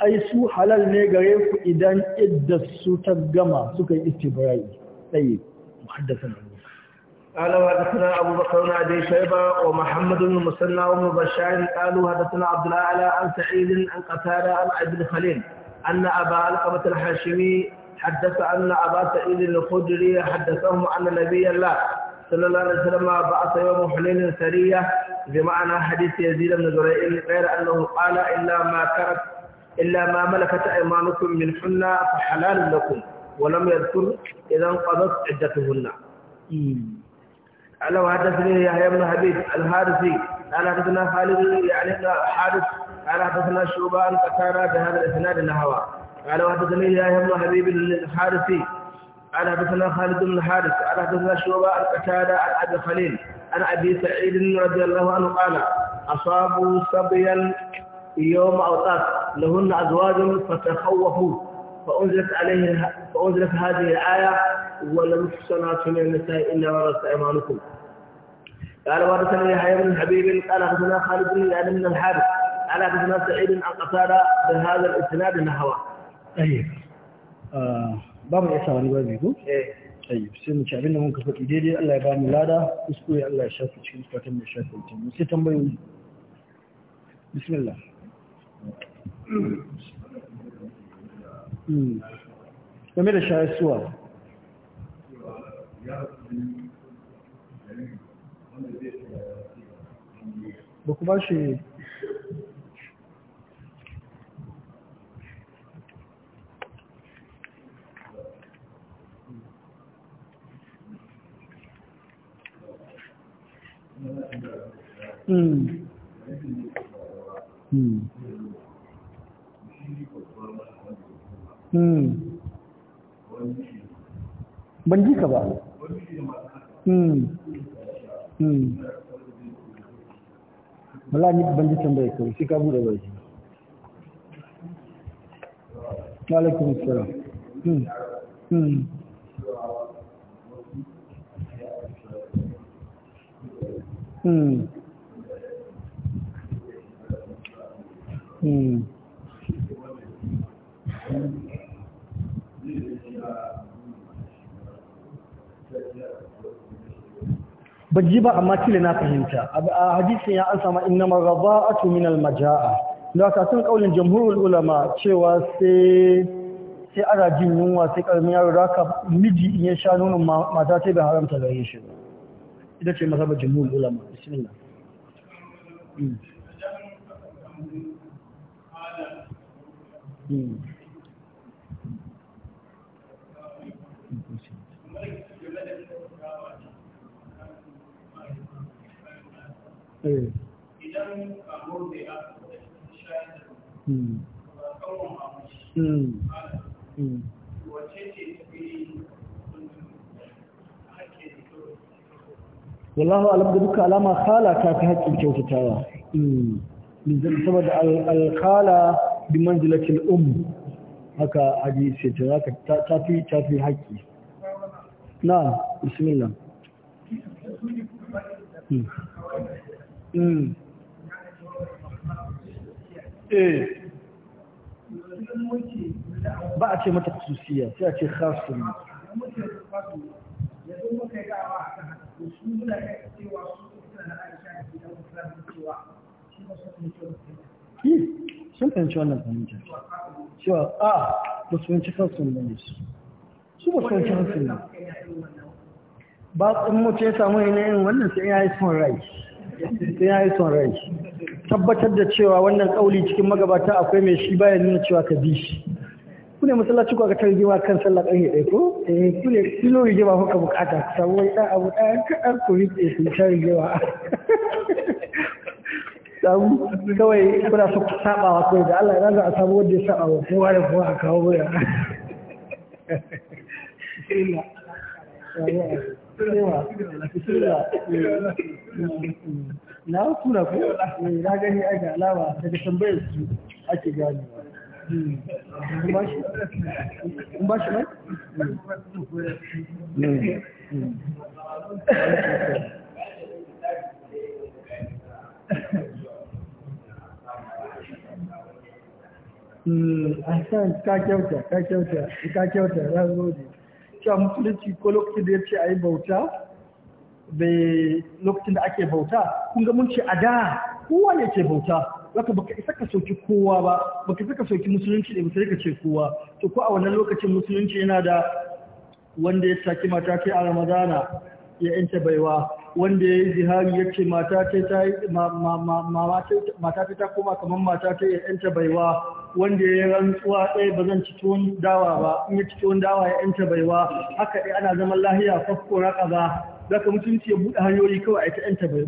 ai su halal ne gare ku idan iddasu ta gama suka yi istibrai sai muhaddasan قال وحدثنا أبو بكر بن أبي شيبة ومحمد بن مسنى وابن بشار قالوا حدثنا عبد الأعلى عن سعيد عن قتادة عن ابن خليل أن أبا علقمة الحاشمي حدث أن أبا سعيد الخدري حدثهم أن نبي الله صلى الله عليه وسلم بعث يوم حنين سرية بمعنى حديث يزيد بن زريع غير أنه قال إلا ما كانت إلا ما ملكت أيمانكم من حنى فحلال لكم ولم يذكر إذا انقضت عدتهن. قال وحدثني يحيى بن حبيب الحارثي قال حدثنا خالد يعني حارث قال حدثنا شوبان قتادة بهذا الإسناد نحوه قال وحدثني يحيى بن حبيب الحارثي قال حدثنا خالد بن الحارث قال حدثنا شعبة عن قتادة عن أبي خليل عن أبي سعيد رضي الله عنه قال أصابوا صبيا يوم أوطاس لهن أزواج فتخوفوا فأنزلت عليه فأنزلت هذه الآية ولمحصنات من النساء إلا ورثت أيمانكم قال ورثني يحيى بن حبيب قال حدثنا خالد بن يعني من الحارث قال حدثنا سعيد عن قتادة بهذا الإسناد نحوه. طيب. آه. ba mu iya ba mai babi ko eh. sai mu ci abinda mun kafa faɗi daidai Allah ya ba mu lada kuskure Allah ya shafi cikin fatan mai shafi ta mu sai tambayoyi bismillah hmm. game da shayar suwa ba ku ba shi ban ji ka ba wala ni ban ji bai kawai shi ka bude bai shi alaikum assalam Hmm. Hmm. Ban Ba ji ba amma kila na fahimta a hadisin ya an sama inna marza'atu a al-maja'a da ka san kaulin jamhurul ulama cewa sai ana jin yunwa sai karamin yaro da miji in ya sha nonon mata ce bai haramta gare shi ba ita ce masaba jumhur ulama bismillah Mm. wallahu alam da duka alama khala ta fi haƙƙin kyautatawa mm. saboda alkhala bi manzilatil um haka hadisi ta zaka ta fi ta fi haƙƙi na, bismillah hmm. Hmm. eh ba a ce mata khususiyya sai a ce khasun Hmm, sun fahimci wannan fahimci cewa ba su ne fahimci wannan fahimta cewa ah, a ne su su musulunci kan kansu ne ba in mutu ya samu yin wannan sai ya yi son rai sai ya yi son rai tabbatar da cewa wannan kauli cikin magabata akwai mai shi bayan nuna cewa ka bi shi ku ne masallaci ku aka ta rigima kan sallah ƙarfe ɗaya ko eh ku ne kilo rigima kuka bukata ku samu wani ɗan abu ɗaya kaɗan ku riƙe su ta rigima samu kawai kuna so ku saba wa kawai da Allah ya za a samu wanda ya saba wa kowa da kowa a kawo wuya na kuna ku eh, na gani aka alama daga tambayar su ake ganewa in ba shi mai? Hmm, ka kyauta, Cewa musulunci ko lokacin da ya ce a yi bauta, bai lokacin da ake bauta, kun ga mun ce a da kowa ne ke bauta, zaka baka isa ka soki kowa ba baka saka soki musulunci da musulunci ce kowa to ko a wannan lokacin musulunci yana da wanda ya saki mata ce a ramadana ya yanta baiwa wanda ya yi zihari ya ce mata ta koma kamar mata ta ya yanta baiwa wanda ya yi rantsuwa ɗaya ba zan ci tuwon dawa ba in ya ci tuwon dawa ya yanta baiwa haka ɗaya ana zaman lahiya fafko raka ba zaka mutunci ya buɗe hanyoyi kawai a ta yanta bayi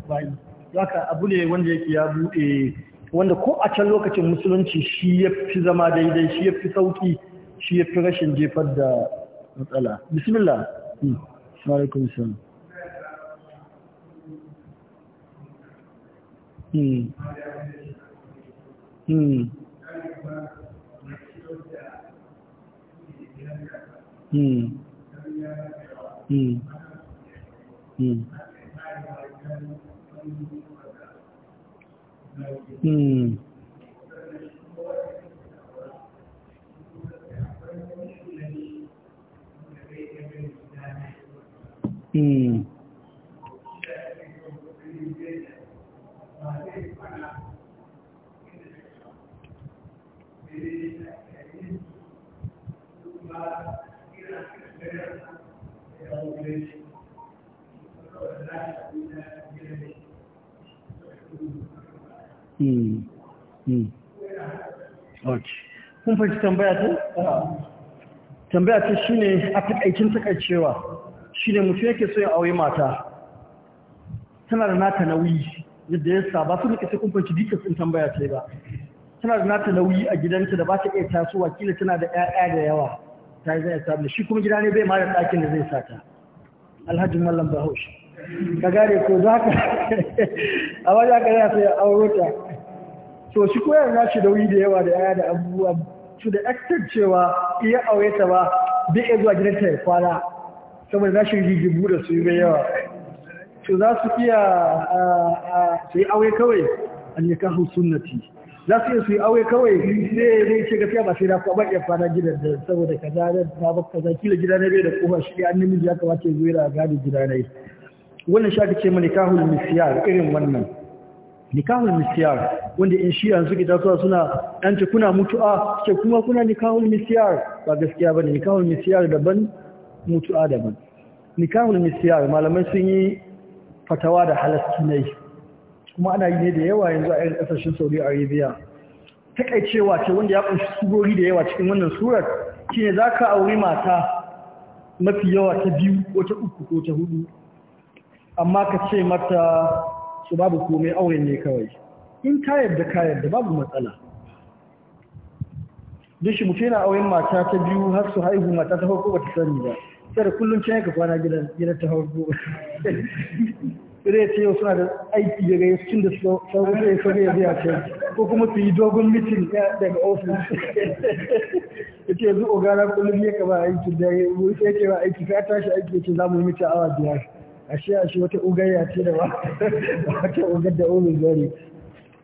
zaka abu ne wanda yake ya buɗe wanda ko a can lokacin musulunci shi ya fi zama daidai shi ya fi sauki shi ya fi rashin jefar da matsala bismillah hmm. alaikum salam Mm. Mm. Hmm. Hmm. kun fahimci tambaya ta? tambaya ta shi ne a takaicin takaicewa shi ne mutu yake so yin aure mata tana da nata nauyi yadda ya saba su nika ta kun fahimci dikas ɗin tambaya ta ba tana da nata nauyi a gidanta da ba ta iya tasowa kila tana da 'ya'ya da yawa ta yi zai samu shi kuma gida ne bai ma da ɗakin da zai sata alhaji mallam bahaushe ka gane ko za ka a wajen ka zai sai auro ta to shi koyar na shi dauyi da yawa da yaya da abubuwa su da actor cewa iya aure ta ba bai ya zuwa ta ya kwana saboda rashin rigibu da su yi mai yawa to za su iya su yi aure kawai an yi hau sunnati za su iya su yi aure kawai sai zai ce gafiya ba sai na kwabar ya fara gidan da saboda ka zara na baka za da gida na bai da kofa shi an nemi ya kamata ya zo yana gadi gida na yi wannan shafi ce mani kahun misiyar irin wannan nikahu misyar wanda in shi yanzu ke zuwa suna yanci kuna mutu'a kuma kuna nikahu misyar ba gaskiya ba ne nikahul misyar daban mutu'a daban nikahu misyar malamai sun yi fatawa da halasci nai, kuma ana yi ne da yawa yanzu a irin kasashen saudi arabia takaicewa ce wanda ya kunshi sugori da yawa cikin wannan surar shine za ka auri mata mafi yawa ta biyu ko ta uku ko ta hudu amma ka ce mata su babu komai auren ne kawai in ka yarda ka yarda babu matsala duk shi mutum yana auren mata ta biyu har su haihu mata ta farko bata sani ba sai da kullum can yaka kwana gidan gidan ta farko sai ya ce yau suna da aiki daga yau tun da sauran sai sauran ya biya ce ko kuma su yi dogon mitin eh, daga ofis ya ce yanzu ogana kullum ya kaba aiki da ya ce ba aiki ka tashi aiki ya ce za mu yi awa biyar ashe ashe wata ugayya ce da ba wata ugar da umin gari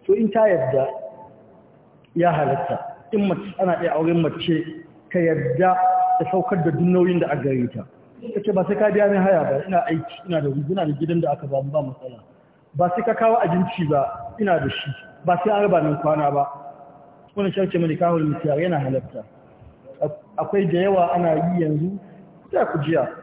to in ta yadda ya halatta in mace ana iya auren mace ka yadda ta saukar da dunnoyin da a gare ta ce ba sai ka biya min haya ba ina aiki ina da ina da gidan da aka ba mu ba matsala ba sai ka kawo abinci ba ina da shi ba sai an raba min kwana ba wani sharce mai kahul misiyar yana halatta akwai da yawa ana yi yanzu ta ku jiya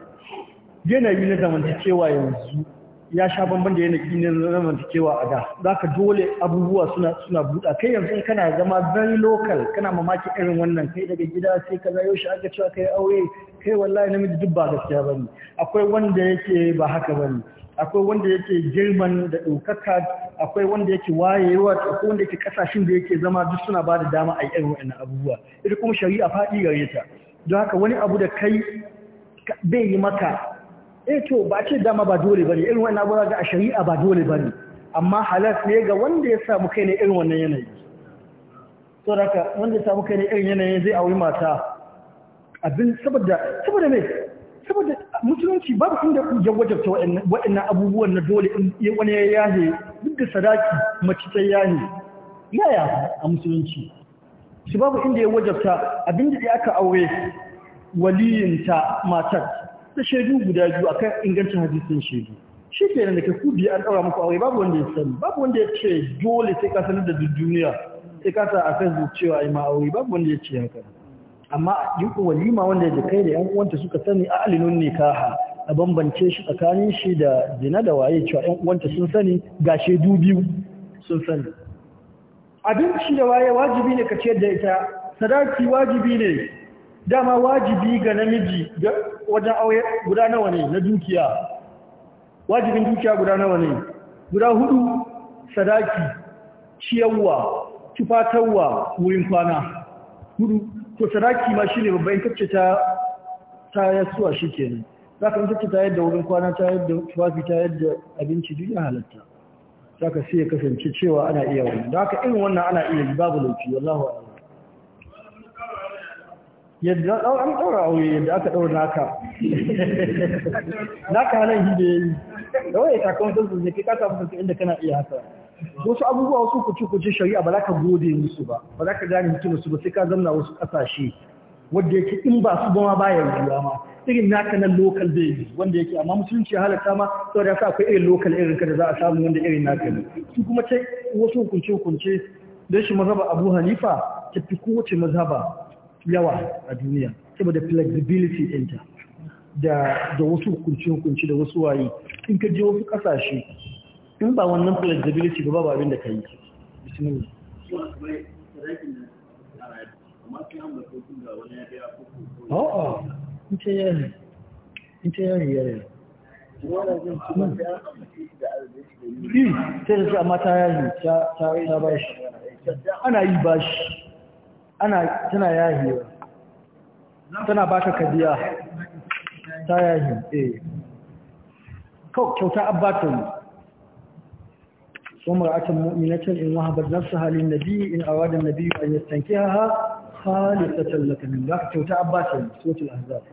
yanayi na zamantakewa yanzu ya sha bamban da yanayi na zamantakewa a da za ka dole abubuwa suna suna buɗa kai yanzu kana zama very local kana mamaki irin wannan kai daga gida sai ka zayo shi aka cewa kai aure kai wallahi namiji duk ba gaskiya bane akwai wanda yake ba haka bane akwai wanda yake girman da ɗaukaka akwai wanda yake wayewa akwai wanda yake kasashen da yake zama duk suna ba da dama a yi irin wannan abubuwa ita kuma shari'a faɗi gare ta don haka wani abu da kai bai yi maka eh to ba ce dama ba dole bane irin wannan abu ga a shari'a ba dole bane amma halas ne ga wanda ya samu kai ne irin wannan yanayi to daga wanda ya samu kai ne irin yanayi zai auri mata abin saboda saboda me saboda mutunci babu inda ya wajabta waɗannan abubuwan na dole in wani ya yahe duk da sadaki mace ta yahe yaya a mutunci shi babu inda ya wajabta abin da aka aure waliyinta matar da shaidu guda biyu kan ingancin hadisin shaidu shi ke da ke ku an ɗaura muku aure babu wanda ya sani babu wanda ya ce dole sai ka sanar da duniya sai ka sa a facebook cewa yi ma aure babu wanda ya ce haka amma yi ku walima wanda da kai da yan uwanta suka sani a alinun ha a bambance shi tsakanin shi da zina da waye cewa yan uwanta sun sani ga shaidu biyu sun sani abin shi da waye wajibi ne ka ce da ita sadaki wajibi ne dama wajibi ga namiji wajen aure guda nawa ne na dukiya wajibin dukiya guda nawa ne guda hudu sadaki ciyawwa, tufatawa wurin kwana hudu to sadaki ma shine babban kacce ta ta yasuwa za ka kacce ta yadda wurin kwana ta yadda tufafi ta yadda abinci duk ya halatta ka sai ya kasance cewa ana iya wannan haka irin wannan ana iya babu lauci wallahi yadda an ɗaura aure yadda aka ɗaura naka naka halayen da ya yi da waye sakamakon su zai kai ka samu inda kana iya haka wasu abubuwa wasu kuce kuce shari'a ba za ka gode musu ba ba za ka gane mutum su ba sai ka zamna wasu ƙasashe wanda yake in ba su ba bayan yi ma irin naka na local baby wanda yake amma musulunci ya halatta ma saboda yasa akwai irin local irin ka da za a samu wanda irin naka ne su kuma ce wasu hukunce hukunce da shi mazhaba Abu Hanifa ta fi kowace mazhaba yawa a duniya saboda flexibility inta da wasu hukunci-hukunci da wasu waye in ka je wasu kasashe in ba wannan flexibility ba babu abin da ka yi bisimila. a ana yi bashi ana tana yahiyar tana baka kadiya ta yahi eh kau kyauta abbatun umar atan mu'minatan in wahabat nafsaha lin nabi in awada nabi an yastankiha khalisatan lak min dak kyauta abbatun suwat al ahzab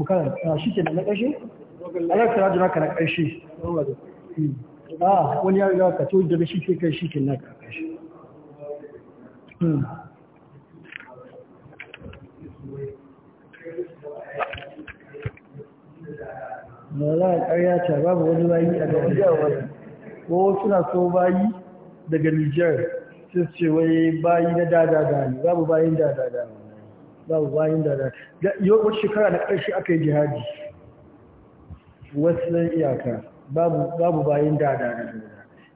mukan ah, shi ke na kashi Allah ya tsara maka na kashi ah, wani ya ga ka to da shi ke kai shi ke na kashi hmm ba za a ta babu wani bayi a gaban ko suna so bayi daga Nijar sun ce wai bayi na dada ne babu bayin dada da babu bayin dada da yau wata shekara na ƙarshe aka yi jihadi wasu iyaka babu babu bayin dada da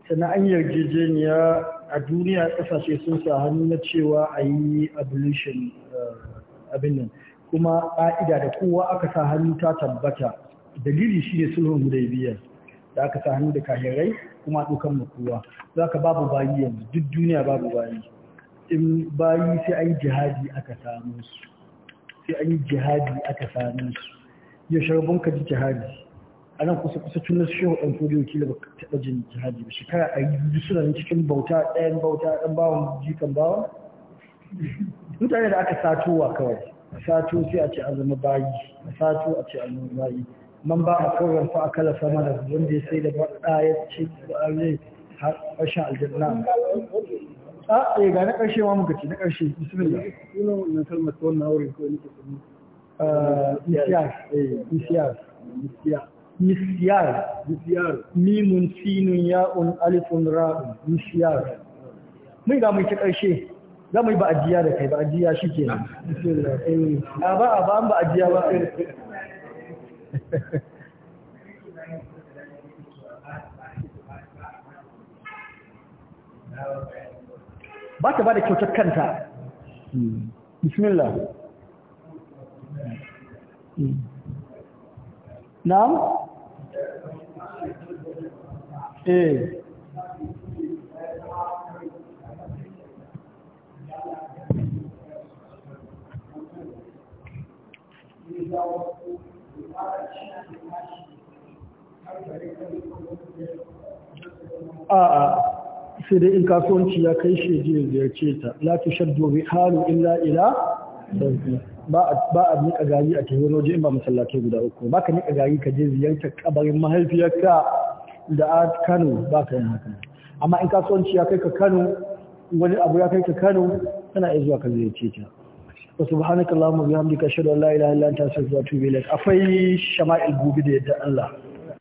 sannan an yarjejeniya a duniya kasashe sun sa hannu na cewa a yi abolition eh, abin nan kuma ƙa'ida da kowa aka sa hannu ta tabbata dalili ne sulhun hudaybiya da aka sa hannu da kahirai kuma dukan makuwa za ka babu bayi yanzu duk duniya babu bayi in bayi sai an jihadi aka samu su sai an yi jihadi aka samu su yau sharbon ka ji jihadi a nan kusa kusa tun shi hudun kodiyo kila ba taɓa jin jihadi ba shekara a yi duk suna cikin bauta ɗayan bauta ɗan bawan jikan bawa. mutane da aka satowa kawai a sato sai a ce an bayi a sato a ce an zama bayi man ba a kowar fa akala samana wanda ya sai da baɗa ya ci ba a zai har aljanna a ɗaya eh, ga na karshe ma muka ci na karshe. bismillah ina wannan kalmar ta na aure kawai nake sani eh, misiyar eh, misiyar misiyar misyar mimun sinun ya'un alifun ra'un misyar mun ga mun ci karshe za mu yi ba'ajiya da kai ba'ajiya shi ke a ba a ba an ba'ajiya ba ba ta ba da kyautar kanta bismillah na'am eh Thank you. a'a sai dai in kasuwanci ya kai shi ya ziyarce ta la bi halu illa ila ba a nika gari a tafi waje in ba masallatai guda uku ba ka nika gari ka je ziyarta kabarin mahaifiyarka da a kano ba ka yin haka amma in kasuwanci ya kai ka kano wani abu ya kai ka kano tana iya zuwa ka ziyarce ta Wasu subhanakallahumma bihamdika ashhadu an la ilaha illa anta akwai shama'il gobe da yadda Allah